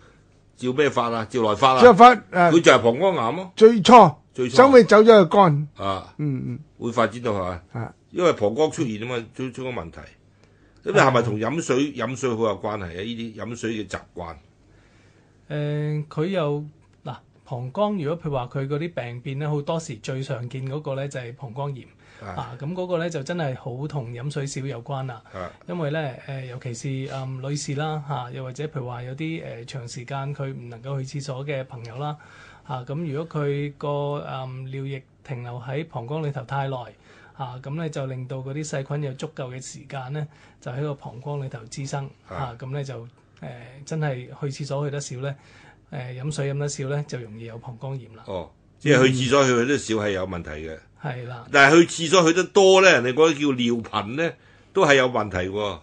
Speaker 3: 趙咩法啊？趙來發啊？趙發誒，佢就係膀胱癌咯。
Speaker 1: 最初，最初，稍微走咗去肝啊，嗯嗯，
Speaker 3: 會發展到係咪？因為膀胱出現啊嘛，出出個問題咁，你係咪同飲水飲水好有關係啊？呢啲飲水嘅習慣
Speaker 4: 誒，佢又嗱膀胱，如果譬如話佢嗰啲病變咧，好多時最常見嗰個咧就係膀胱炎。啊，咁嗰個咧就真係好同飲水少有關啦。啊、因為咧誒、呃，尤其是嗯、呃、女士啦嚇、啊，又或者譬如話有啲誒、呃、長時間佢唔能夠去廁所嘅朋友啦嚇，咁、啊嗯、如果佢個嗯尿液停留喺膀胱裏頭太耐嚇，咁、啊、咧、嗯、就令到嗰啲細菌有足夠嘅時間咧，就喺個膀胱裏頭滋生嚇，咁咧、啊啊嗯、就誒、呃、真係去廁所去得少咧，誒、呃、飲水飲得少咧，就容易有膀胱炎
Speaker 3: 啦。哦，嗯、即係去廁所去得少係有問題嘅。係啦，但係去廁所去得多咧，人哋覺得叫尿頻咧，都係有問題喎。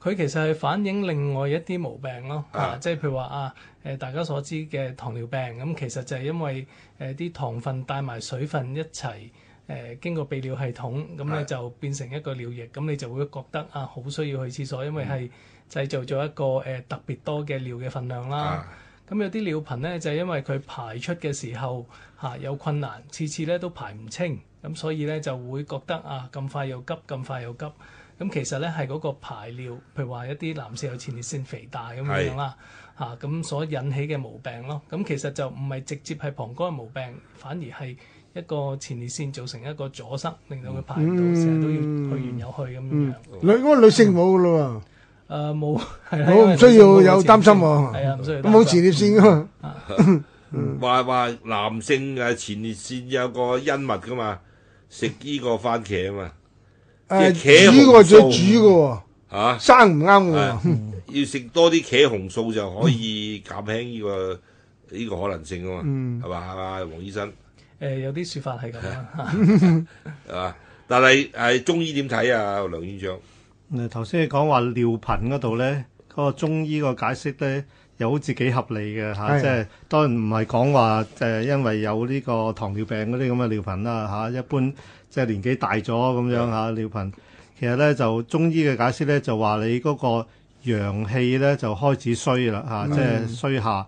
Speaker 4: 佢其實係反映另外一啲毛病咯，啊，即係、啊就係、譬如話啊，誒、呃、大家所知嘅糖尿病，咁、嗯、其實就係因為誒啲、呃、糖分帶埋水分一齊誒、呃、經過泌尿系統，咁咧就變成一個尿液，咁你就會覺得啊，好需要去廁所，因為係製造咗一個誒、呃、特別多嘅尿嘅分量啦。咁、啊啊、有啲尿頻咧，就係、因為佢排出嘅時候。嚇、啊、有困難，次次咧都排唔清，咁、啊、所以咧就會覺得啊咁快又急，咁快又急，咁、啊、其實咧係嗰個排尿，譬如話一啲男性有前列腺肥大咁樣啦，嚇咁是、啊啊、所引起嘅毛病咯，咁、啊、其實就唔係直接係膀胱嘅毛病，反而係一個前列腺造成一個阻塞，令到佢排唔到，成日、嗯、都要去完又去咁樣。
Speaker 1: 女嗰個女性冇㗎咯喎，誒冇，我唔需要有擔心喎，係啊，唔需要，冇、 [laughs] 啊、前列腺㗎嘛。
Speaker 3: 話話男性啊，前列腺有個恩物噶嘛，食呢個番茄啊嘛，即係茄紅素呢個要煮
Speaker 1: 嘅，
Speaker 3: 吓生唔啱嘅。要食多啲茄紅素就可以減輕呢個呢個可能性啊嘛，係嘛啊，黃醫生。誒，有啲說法係咁啊，係嘛？但係誒，中醫點睇啊，梁院長？
Speaker 2: 誒，頭先你講話尿頻嗰度咧，嗰個中醫個解釋咧。又好似幾合理嘅嚇，啊是啊、即係當然唔係講話誒，因為有呢個糖尿病嗰啲咁嘅尿頻啦嚇、啊，一般即係年紀大咗咁樣嚇尿是、啊啊、頻。其實咧就中醫嘅解釋咧就話你嗰個陽氣咧就開始衰啦嚇，啊嗯、即係衰下。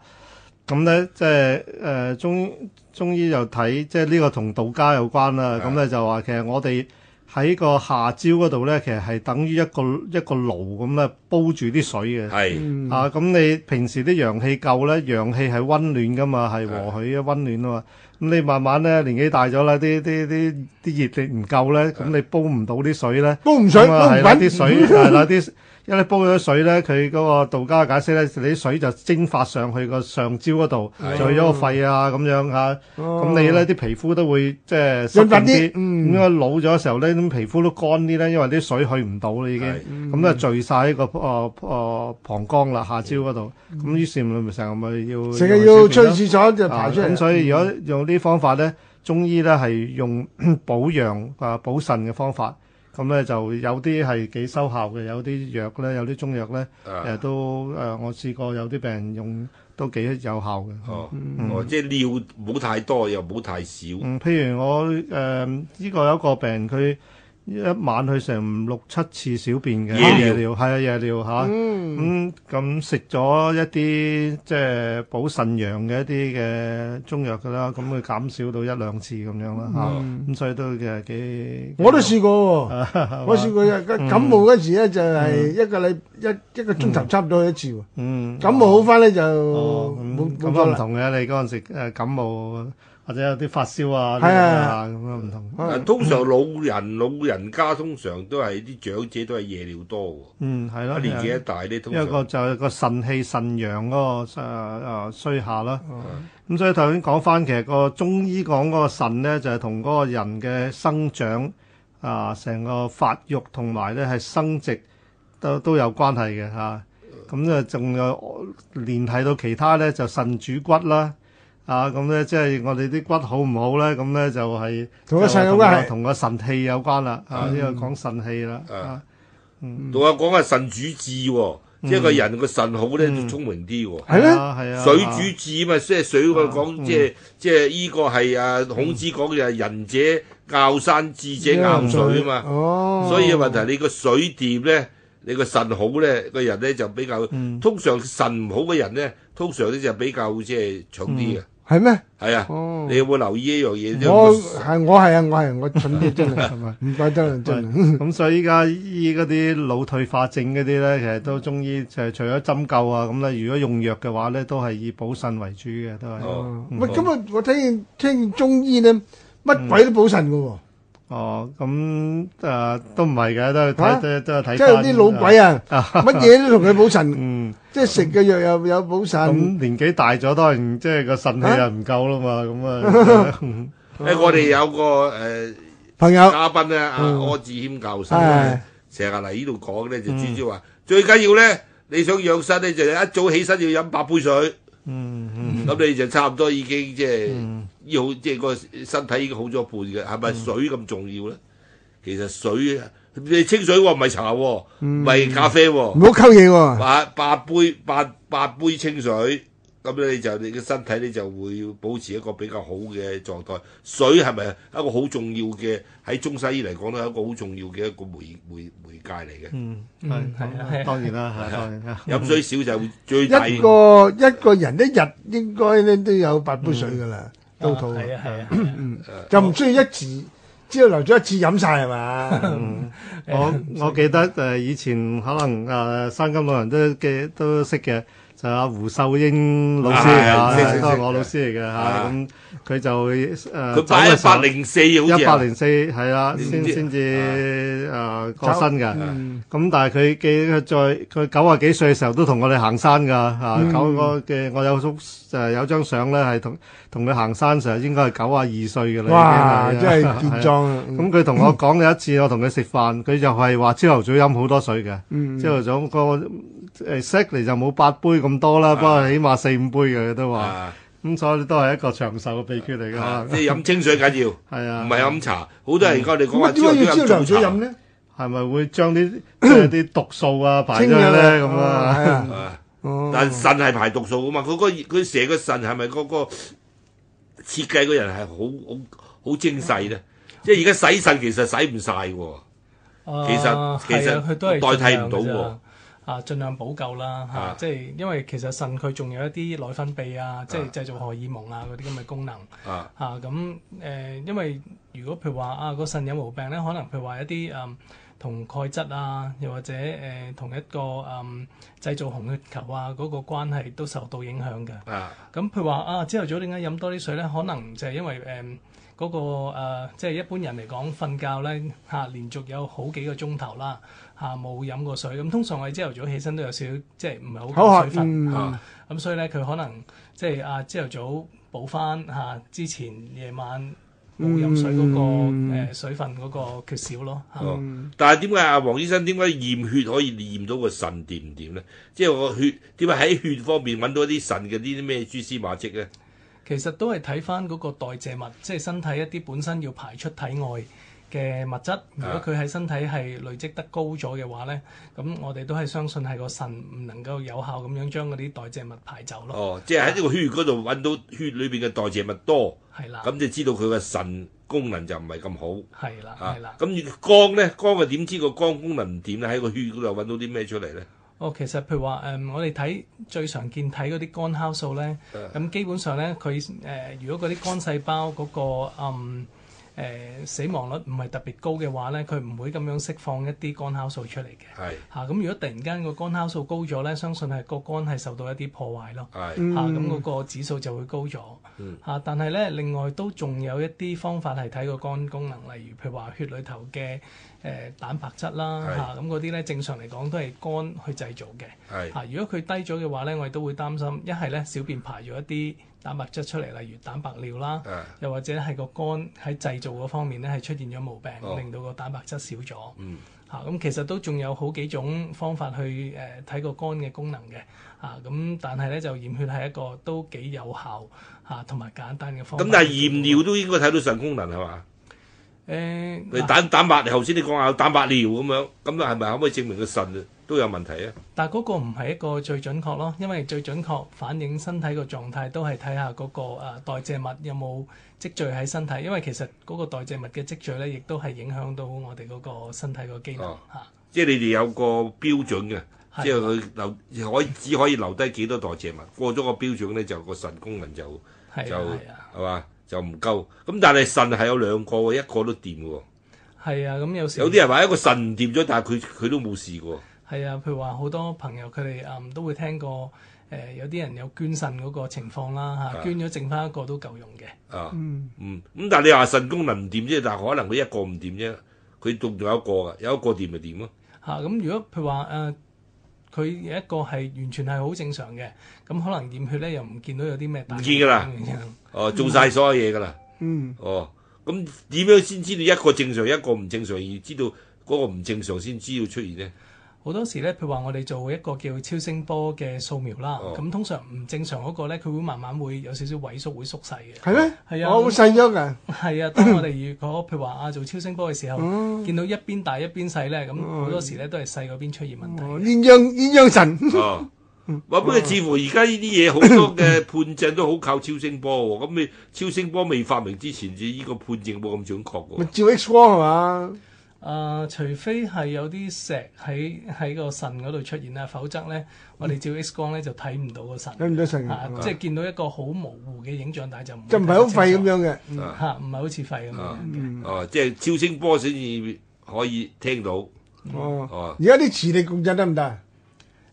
Speaker 2: 咁、啊、咧、嗯嗯、即係誒、呃、中中醫就睇即係呢個同道家有關啦。咁咧就話其實我哋。喺個下焦嗰度咧，其實係等於一個一個爐咁咧煲住啲水嘅。係是啊，咁你平時啲陽氣夠咧，陽氣係温暖噶嘛，係和佢嘅温暖啊嘛。咁是你慢慢咧年紀大咗啦，啲啲啲啲熱力唔夠咧，咁是你煲唔到啲水咧。煲唔上水，係攞啲水，係攞啲。因為煲咗水咧，佢嗰個道家解釋咧，你啲水就蒸發上去個上焦嗰度，嗯、去咗個肺啊咁樣嚇。咁、哦、你咧啲皮膚都會即係濕緊啲。咁啊、嗯、老咗嘅時候咧，咁皮膚都乾啲咧，因為啲水去唔到啦已經。咁啊、嗯、聚晒喺、嗰個誒誒膀胱啦，下焦嗰度。咁、嗯、於是咪成日咪要成日要吹廁所就排出嚟。咁所以如果用啲方法咧，中醫咧係用補陽啊補腎嘅方法。咁咧、嗯、就有啲係幾收效嘅，有啲藥咧，有啲中藥咧，誒、啊、都誒、呃，我試過有啲病人用都幾有效嘅。哦，嗯、哦，哦即
Speaker 3: 係尿冇太多又冇太少。嗯，譬如
Speaker 2: 我誒呢、呃呢個有一個病人佢。一晚去成六七次小便嘅夜尿料，係啊夜尿吓。咁咁食咗一啲即係補腎陽嘅一啲嘅中藥噶啦，咁會減少到一兩次咁樣啦吓，咁、嗯嗯、所以都嘅幾我
Speaker 1: 都試過喎，
Speaker 2: [laughs] 嗯、我試過感冒嗰時咧就係一個禮、嗯、一一,一個鐘頭差唔多一次喎。嗯、感冒好翻咧就冇冇咁啊唔同嘅你嗰陣時誒感冒。或者有啲發燒啊，咁啊唔同。
Speaker 3: 通常老人老人家通常都係啲長者都係夜尿多。嗯，係咯。年紀一大咧，通常一個就
Speaker 2: 係個腎氣腎陽嗰個啊啊衰下啦。咁所以頭先講翻，其實個中醫講嗰個腎咧，就係同嗰個人嘅生長啊，成個發育同埋咧係生殖都都有關係嘅吓。咁就，仲有聯繫到其他咧，就腎主骨啦。啊，咁咧即係我哋啲骨好唔好咧？咁咧就係同個腎氣有關啦。啊，呢個講腎氣啦。
Speaker 3: 啊，同我講下腎主智，即係個人個腎好咧，就聰明啲。係咧，係啊。水主智嘛，即係水講，即係即係依個係啊。孔子講嘅係仁者樂山，智者樂水啊嘛。哦。
Speaker 1: 所以問
Speaker 3: 題你個水掂咧，你個腎好咧，個人咧就比較通常腎唔好嘅人咧，通常咧就比較即係重啲嘅。係咩？係啊！哦、你有冇留意呢樣嘢？我係
Speaker 2: 我係啊！我係我，我蠢啲 [laughs] 真係，
Speaker 1: 唔怪得真啊！
Speaker 2: 咁、 [laughs] 嗯、所以依家醫嗰啲腦退化症嗰啲咧，其實都中醫就係、嗯、除咗針灸啊咁啦。如果用藥嘅話咧，都係以補腎為主嘅，都係。唔係咁啊！
Speaker 1: 我聽聽中醫咧，乜鬼都補
Speaker 2: 腎噶喎。哦，咁誒都唔係嘅，都睇都都睇翻。即係啲老鬼啊，乜嘢都同
Speaker 1: 佢補腎，嗯，
Speaker 2: 即係食嘅藥又有補腎。咁年紀大咗，當然即係個腎氣又唔夠啦嘛，咁啊。
Speaker 3: 誒，我哋有個誒朋友嘉賓咧，阿柯志謙教授咧，成日嚟呢度講咧，就專專話最緊要咧，你想養身咧，就一早起身要飲八杯水，嗯，咁、嗯、你就差唔多已經即係醫即係個身體已經好咗一半嘅，係咪水咁重要咧？其實水，你清水唔、喎、係茶、喎，唔係、嗯、咖啡、喎，唔好溝嘢，八杯八杯八八杯清水。咁咧就你嘅身體咧就會保持一個比較好嘅狀態。水係咪一個好重要嘅，喺中西醫嚟講都係一個好重要嘅一個媒媒媒介嚟嘅。嗯，係，當然啦嚇，當然啦。飲水少就最一個
Speaker 1: 一個人一日應該咧都有八杯水㗎喇，都肚。
Speaker 3: 係啊係啊。
Speaker 2: 就唔需要一次，只要留咗一次飲晒係咪？我我記得誒以前可能誒三金老人都嘅都識嘅。就阿胡秀英老師啊，都係我老師嚟嘅嚇，咁佢就誒，佢擺一百零四，好似一百零四係啦，先先至誒過身嘅。咁但係佢嘅再佢九啊幾歲嘅時候都同我哋行山㗎嚇。九個嘅我有張誒有張相咧係同同佢行山，時候應該係九啊二歲嘅啦。哇！真係健壯。咁佢同我講有一次，我同佢食飯，佢就係話朝頭早飲好多水嘅。朝頭早嗰誒，食嚟就冇八杯咁多啦，不過起碼四五杯嘅都話，咁所以都係一個長壽嘅秘訣
Speaker 3: 嚟嘅。你飲清水緊要，係啊，唔係飲茶。好多人而家你話，點解要招涼水飲咧？
Speaker 2: 係咪會將啲啲毒素啊排咗咧咁啊？
Speaker 3: 但腎係排毒素噶嘛？佢個佢成個腎係咪嗰個設計個人係好好好精細咧？即係而家洗腎其實洗唔晒嘅，其實其實代替唔到。
Speaker 4: 啊，盡量補救啦嚇，即係、啊啊就是、因為其實腎佢仲有一啲內分泌啊，即、就、係、是、製造荷爾蒙啊嗰啲咁嘅功能嚇。咁誒、啊啊呃，因為如果譬如話啊，個腎有毛病咧，可能譬如話一啲誒、嗯、同鈣質啊，又或者誒、呃、同一個誒、嗯、製造紅血球啊嗰、那個關係都受到影響嘅。咁、啊、譬如話啊，朝頭早點解飲多啲水咧？可能就係因為誒嗰、嗯那個、呃、即係一般人嚟講瞓覺咧嚇、啊，連續有好幾個鐘頭啦。嚇，冇飲過水，咁通常我哋朝頭早起身都有少，即係唔係好水分。嚇，咁所以咧佢可能即係阿朝頭早補翻，嚇、啊、之前夜晚冇飲水嗰、那個、嗯、水分嗰個缺少咯。嗯
Speaker 3: 啊、但係點解阿王醫生點解驗血可以驗到個腎掂唔掂咧？即、就、係、是、我血點解喺血方面揾到啲腎嘅呢啲咩蛛絲馬跡咧？
Speaker 4: 其實都係睇翻嗰個代謝物，即係身體一啲本身要排出體外。嘅物質，如果佢喺身體係累積得高咗嘅話咧，咁我哋都係相信係個腎唔能夠有效咁樣將嗰啲代謝物排
Speaker 3: 走咯。哦，即係喺呢個血液嗰度揾到血裏邊嘅代謝物多，係啦，咁就知道佢嘅腎功能就唔係咁好。係啦，係啦，咁如果肝咧，肝嘅點知個肝功能唔掂咧？喺個血液嗰度揾到啲咩出嚟咧？
Speaker 4: 哦，其實譬如話誒，我哋睇最常見睇嗰啲肝酵素咧，咁基本上咧佢誒，如果嗰啲肝細胞嗰個嗯。誒、呃、死亡率唔係特別高嘅話咧，佢唔會咁樣釋放一啲肝酵素出嚟嘅。係嚇是，咁、啊、如果突然間個肝酵素高咗咧，相信係個肝係受到一啲破壞咯。係嚇，咁嗰個指數就會高咗。嚇、嗯啊，但係咧，另外都仲有一啲方法係睇個肝功能，例如譬如話血裏頭嘅誒、呃、蛋白質啦嚇，咁嗰啲咧正常嚟講都係肝去製造嘅。係嚇是、啊，如果佢低咗嘅話咧，我哋都會擔心，一係咧小便排咗一啲，蛋白質出嚟，例如蛋白尿啦，又或者係個肝喺製造嗰方面咧係出現咗毛病，令到個蛋白質少咗。嚇，咁其實都仲有好幾種方法去誒睇個肝嘅功能嘅。嚇，咁但係咧就驗血係一個都幾有效嚇，同埋簡單嘅方法。咁但係驗
Speaker 3: 尿都應該睇到腎功能係嘛？
Speaker 4: 誒，你蛋
Speaker 3: 蛋白，頭先你講下蛋白尿咁樣，咁啊係咪可唔可以證明個腎？都有問題啊！
Speaker 4: 但係嗰個唔係一個最準確咯，因為最準確反映身體個狀態都係睇下嗰個代謝物有冇積聚喺身體，因為其實嗰個代謝物嘅積聚咧，亦都係影響到我哋嗰個身體個機能嚇。
Speaker 3: 啊啊、即係你哋有個標準嘅，的即係佢留可以只可以留低幾多代謝物，過咗個標準咧，就個腎功能就就係嘛，就唔的的夠。咁但係腎係有兩個喎，一個都掂嘅
Speaker 4: 喎。係啊，咁、嗯、有時有啲人話一
Speaker 3: 個腎掂咗，但係佢佢都冇事嘅喎。
Speaker 4: 係啊，譬如話好多朋友佢哋嗯都會聽過誒、呃，有啲人有捐腎嗰個情況啦吓，啊、捐咗剩翻一個都夠用嘅。
Speaker 3: 啊，嗯咁、嗯、但係你話腎功能唔掂啫，但係可能佢一個唔掂啫，佢仲仲有一個噶，有一個掂咪掂咯。
Speaker 4: 吓咁、啊嗯、如果譬如話誒，佢、呃、有一個係完全係好正常嘅，咁可能驗血咧又唔見到有啲咩唔知噶啦。哦樣、啊，做晒所有
Speaker 3: 嘢噶啦。嗯。哦、啊，咁點樣先知道一個正常一個唔正常？正常而要知道嗰個唔正常先知要出現呢。
Speaker 4: 好多時咧，譬如話我哋做一個叫超聲波嘅掃描啦，咁、哦嗯、通常唔正常嗰個咧，佢會慢慢會有少少萎縮，會縮細嘅。係咩嗎？係啊、嗯，好細咗嘅。係、嗯、啊，當我哋如果譬如話啊，做超聲波嘅時候，嗯、見到一邊大一邊細咧，咁、嗯、好、嗯、多時咧都係細嗰邊出現問題。
Speaker 3: 鴛鴦鴛鴦神。啊、呃，話、呃、咩？呃呃、 [laughs] 似乎而家呢啲嘢好多嘅判證都好靠超聲波喎。咁你超聲波未發明之前，就、這、呢個判證冇咁準確喎。 [laughs] 照 X
Speaker 4: 光係嘛？啊，除非係有啲石喺喺個腎嗰度出現啦，否則咧，我哋照 X 光咧就睇唔到個腎，睇唔到腎啊，即係見到一個好模糊嘅影像，但係就就唔係好肺咁樣嘅嚇，唔係好似肺咁樣嘅。哦，
Speaker 3: 即係超聲波先至可以聽到。哦，而家
Speaker 4: 啲磁力共振得唔得？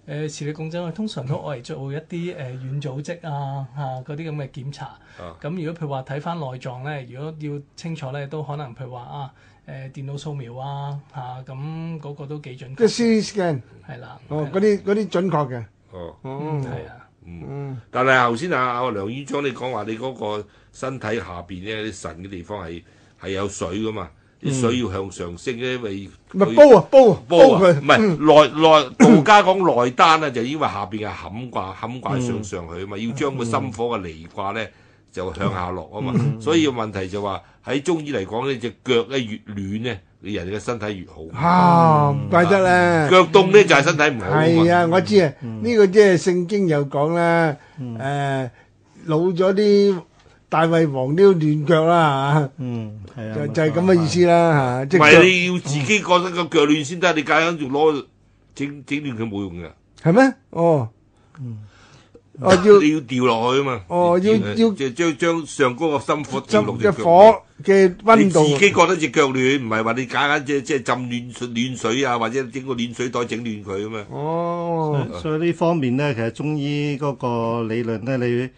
Speaker 4: 誒，磁力共振我通常都用嚟做一啲誒軟組織啊嚇嗰啲咁嘅檢查。哦，咁如果譬如話睇返內臟咧，如果要清楚咧，都可能譬如話啊。誒電腦掃描啊嚇，咁嗰個都幾準。即係 C
Speaker 1: scan 係啦。哦，嗰啲啲準確嘅。哦，嗯，
Speaker 3: 係啊。嗯，但係頭先啊，梁宇章你講話你嗰個身體下邊咧，神嘅地方係係有水噶嘛？啲水要向上升咧，咪煲啊煲啊煲啊！唔係內內道家講內丹啊，就因為下邊嘅坎卦坎卦上上去啊嘛，要將個心火嘅離卦咧。就向下落啊嘛，所以問題就話喺中醫嚟講呢，隻腳咧越暖咧，你人嘅身體越好。
Speaker 1: 啱，
Speaker 3: 唔怪得咧。腳凍咧就係身體唔好。係啊，我知
Speaker 1: 啊，呢個即係聖經又講啦，誒，老咗啲大胃王都要暖腳啦，
Speaker 3: 吓。嗯，係啊，就就係咁
Speaker 1: 嘅意思啦，吓。唔係你
Speaker 3: 要自己覺得個腳暖先得，你搞緊就攞整整暖佢冇用㗎。係
Speaker 1: 咩？哦。
Speaker 3: 哦，要你要掉落去啊嘛！哦，要要，就將將上高個心火掉落隻腳。隻火
Speaker 2: 嘅温度，你自己覺
Speaker 3: 得隻腳暖，唔係話你假假即即浸暖水暖水啊，或者整個暖水袋整暖佢啊嘛。
Speaker 2: 哦，所以呢方面咧，其實中醫嗰個理論咧，你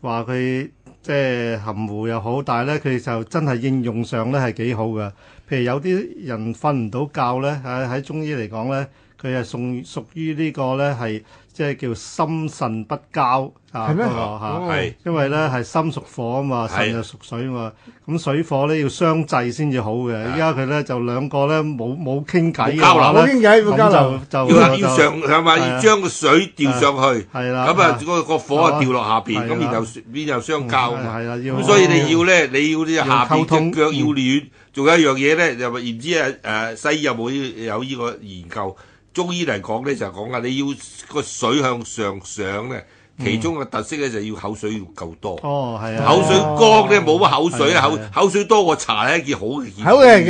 Speaker 2: 話佢即係含糊又好，但係咧佢就真係應用上咧係幾好噶。譬如有啲人瞓唔到覺咧，喺喺中醫嚟講咧。佢係屬屬於呢個咧，係即係叫心腎不交啊，咩？個嚇，因為咧係心屬火啊嘛，腎又屬水啊嘛，咁水火咧要相濟先至好嘅。而家佢咧就兩個咧冇冇傾偈嘅，冇傾偈要交流，要上係咪要將個水調上去？
Speaker 3: 係啦，咁啊個火啊掉落下邊，咁然後然後相交啊嘛。咁所以你要咧，你要啲下邊隻腳要暖，仲有一樣嘢咧，又唔知啊誒西醫有冇有呢個研究？中醫嚟講咧，就係講啊，你要個水向上上咧。其中嘅特色咧，就要口水要夠多。哦，係啊，口水乾咧冇乜口水，口口水多過茶係一件好嘅嘢，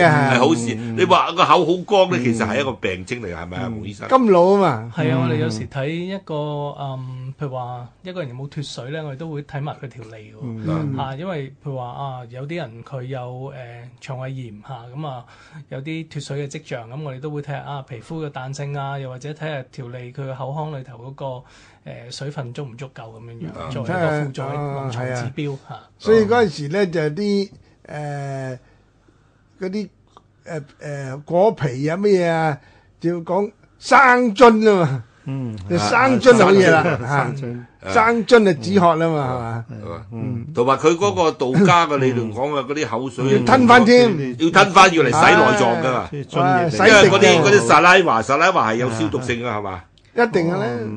Speaker 3: 係好事。你話個口好乾咧，其實係一個病徵嚟，係咪啊，黃醫生？金老啊嘛，係啊，我哋有時
Speaker 4: 睇一個嗯，譬如話一個人有冇脫水咧，我哋都會睇埋佢條脷喎，因為譬如話啊，有啲人佢有誒腸胃炎嚇，咁啊有啲脫水嘅跡象，咁我哋都會睇下啊皮膚嘅彈性啊，又或者睇下條脷佢口腔裏頭嗰個。誒水分足唔足夠咁樣樣，作為一個輔助濃
Speaker 1: 重指標嚇，所以嗰陣時咧就啲誒嗰啲誒誒果皮啊乜嘢啊，就要講生津啊嘛，
Speaker 3: 嗯，生津可以啦嚇，生
Speaker 1: 津就止渴啦嘛，係嘛，嗯，
Speaker 3: 同埋佢嗰個道家嘅理論講啊，嗰啲口水要吞翻添，要吞翻要嚟洗內臟噶嘛，因為嗰啲嗰啲薩拉華薩拉華係有消毒性噶，係嘛，
Speaker 1: 一定嘅咧。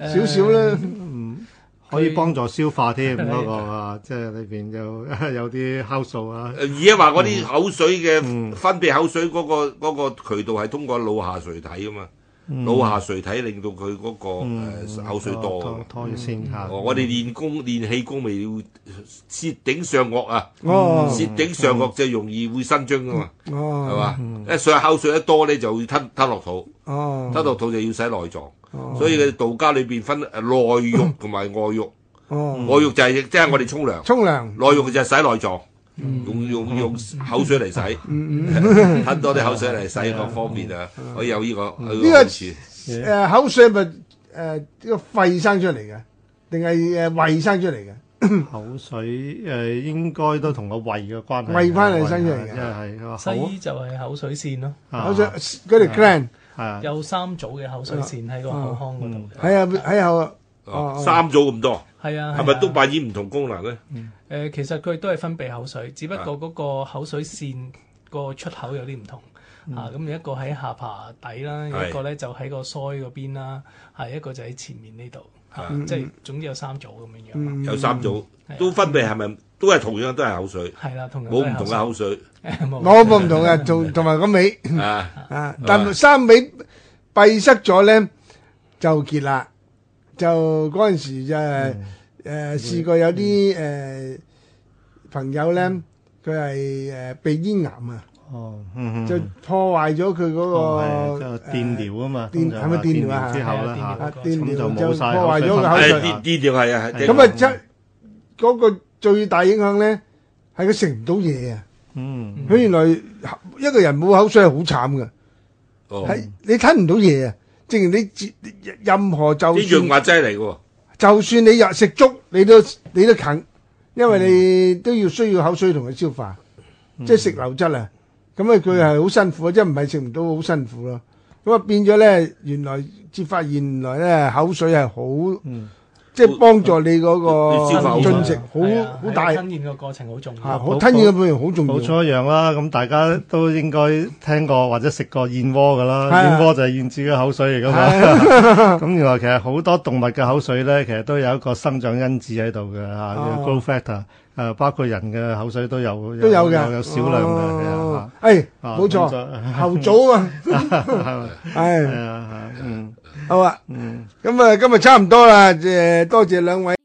Speaker 1: 少少
Speaker 2: 咧，嗯、可以幫助消化添嗰啊，即係裏邊就 [laughs] 有啲酵素啊。而家話嗰啲
Speaker 3: 口水嘅分泌口水嗰、嗰個嗯、個渠道係通過腦下垂體啊嘛。腦下垂體令到佢嗰個口水多，拖住先我哋練功練氣功，咪要舌頂上腭啊！舌頂上腭就容易會生津噶嘛，係嘛？一上口水一多咧，就會吞吞落肚，吞落肚就要洗內臟。所以道家裏邊分內浴同埋外浴，外浴就係即係我哋沖涼，沖涼，內浴就係洗內臟。用用用口水嚟洗，很多啲口水嚟洗，各方面啊，可以有呢個呢個
Speaker 1: 誒口水咪誒個肺生出嚟嘅，定係誒胃生出嚟
Speaker 2: 嘅？口水誒，應該都同個胃嘅關係，胃翻嚟生出嚟嘅係係，西醫
Speaker 4: 就係口水腺咯，口水嗰啲 gland，係有三組嘅口水腺喺個口
Speaker 3: 腔嗰度嘅，係啊，係啊，三組咁多。係啊，係咪都扮演唔同功能咧？
Speaker 4: 誒，其實佢都係分泌口水，只不過嗰個口水腺個出口有啲唔同啊。咁一個喺下巴底啦，一個咧就喺個腮嗰邊啦，係一個就喺前面呢度啊。即係總之有三組咁樣樣，有三組都
Speaker 3: 分泌係咪都係同樣都係口水？係啦，同冇唔同嘅口水，
Speaker 1: 冇冇唔同嘅，同同埋個尾啊啊！但三尾閉塞咗咧就結啦。就嗰陣時就誒試過有啲誒朋友咧，佢係誒鼻咽癌啊，
Speaker 2: 就
Speaker 1: 破壞咗佢嗰個電
Speaker 2: 療啊嘛，係咪電療啊？之後咧嚇，電療就破壞咗口
Speaker 1: 水。電療係啊，咁啊即係嗰個最大影響咧，係佢食唔到嘢啊。
Speaker 3: 嗯，
Speaker 1: 佢原來一個人冇口水係好慘㗎，係你吞唔到嘢啊。你任任何就算啲潤滑劑嚟嘅，就算你日食粥，你都你都啃，因為你都要需要口水同佢消化，嗯、即係食流質啊。咁啊，佢係好辛苦啊，嗯、即係唔係食唔到好辛苦咯。咁啊，變咗咧，原來至發現原來咧口水係好。嗯即係幫助你嗰個進食，好好大。吞咽個過程好重要。嚇，吞咽嘅過程好重要。冇錯，一
Speaker 2: 樣啦，咁大家都應該聽過或者食過燕窩噶啦。燕窩就係燕子嘅口水嚟㗎嘛。咁原來其實好多動物嘅口水咧，其實都有一個生長因子喺度嘅嚇。Growth factor，誒包括人嘅口水都有。都有嘅，有少量
Speaker 1: 嘅。誒，冇錯，猴棗啊！
Speaker 2: 誒。好啊，嗯，
Speaker 1: 咁啊，今日差唔多啦，誒，多謝兩位。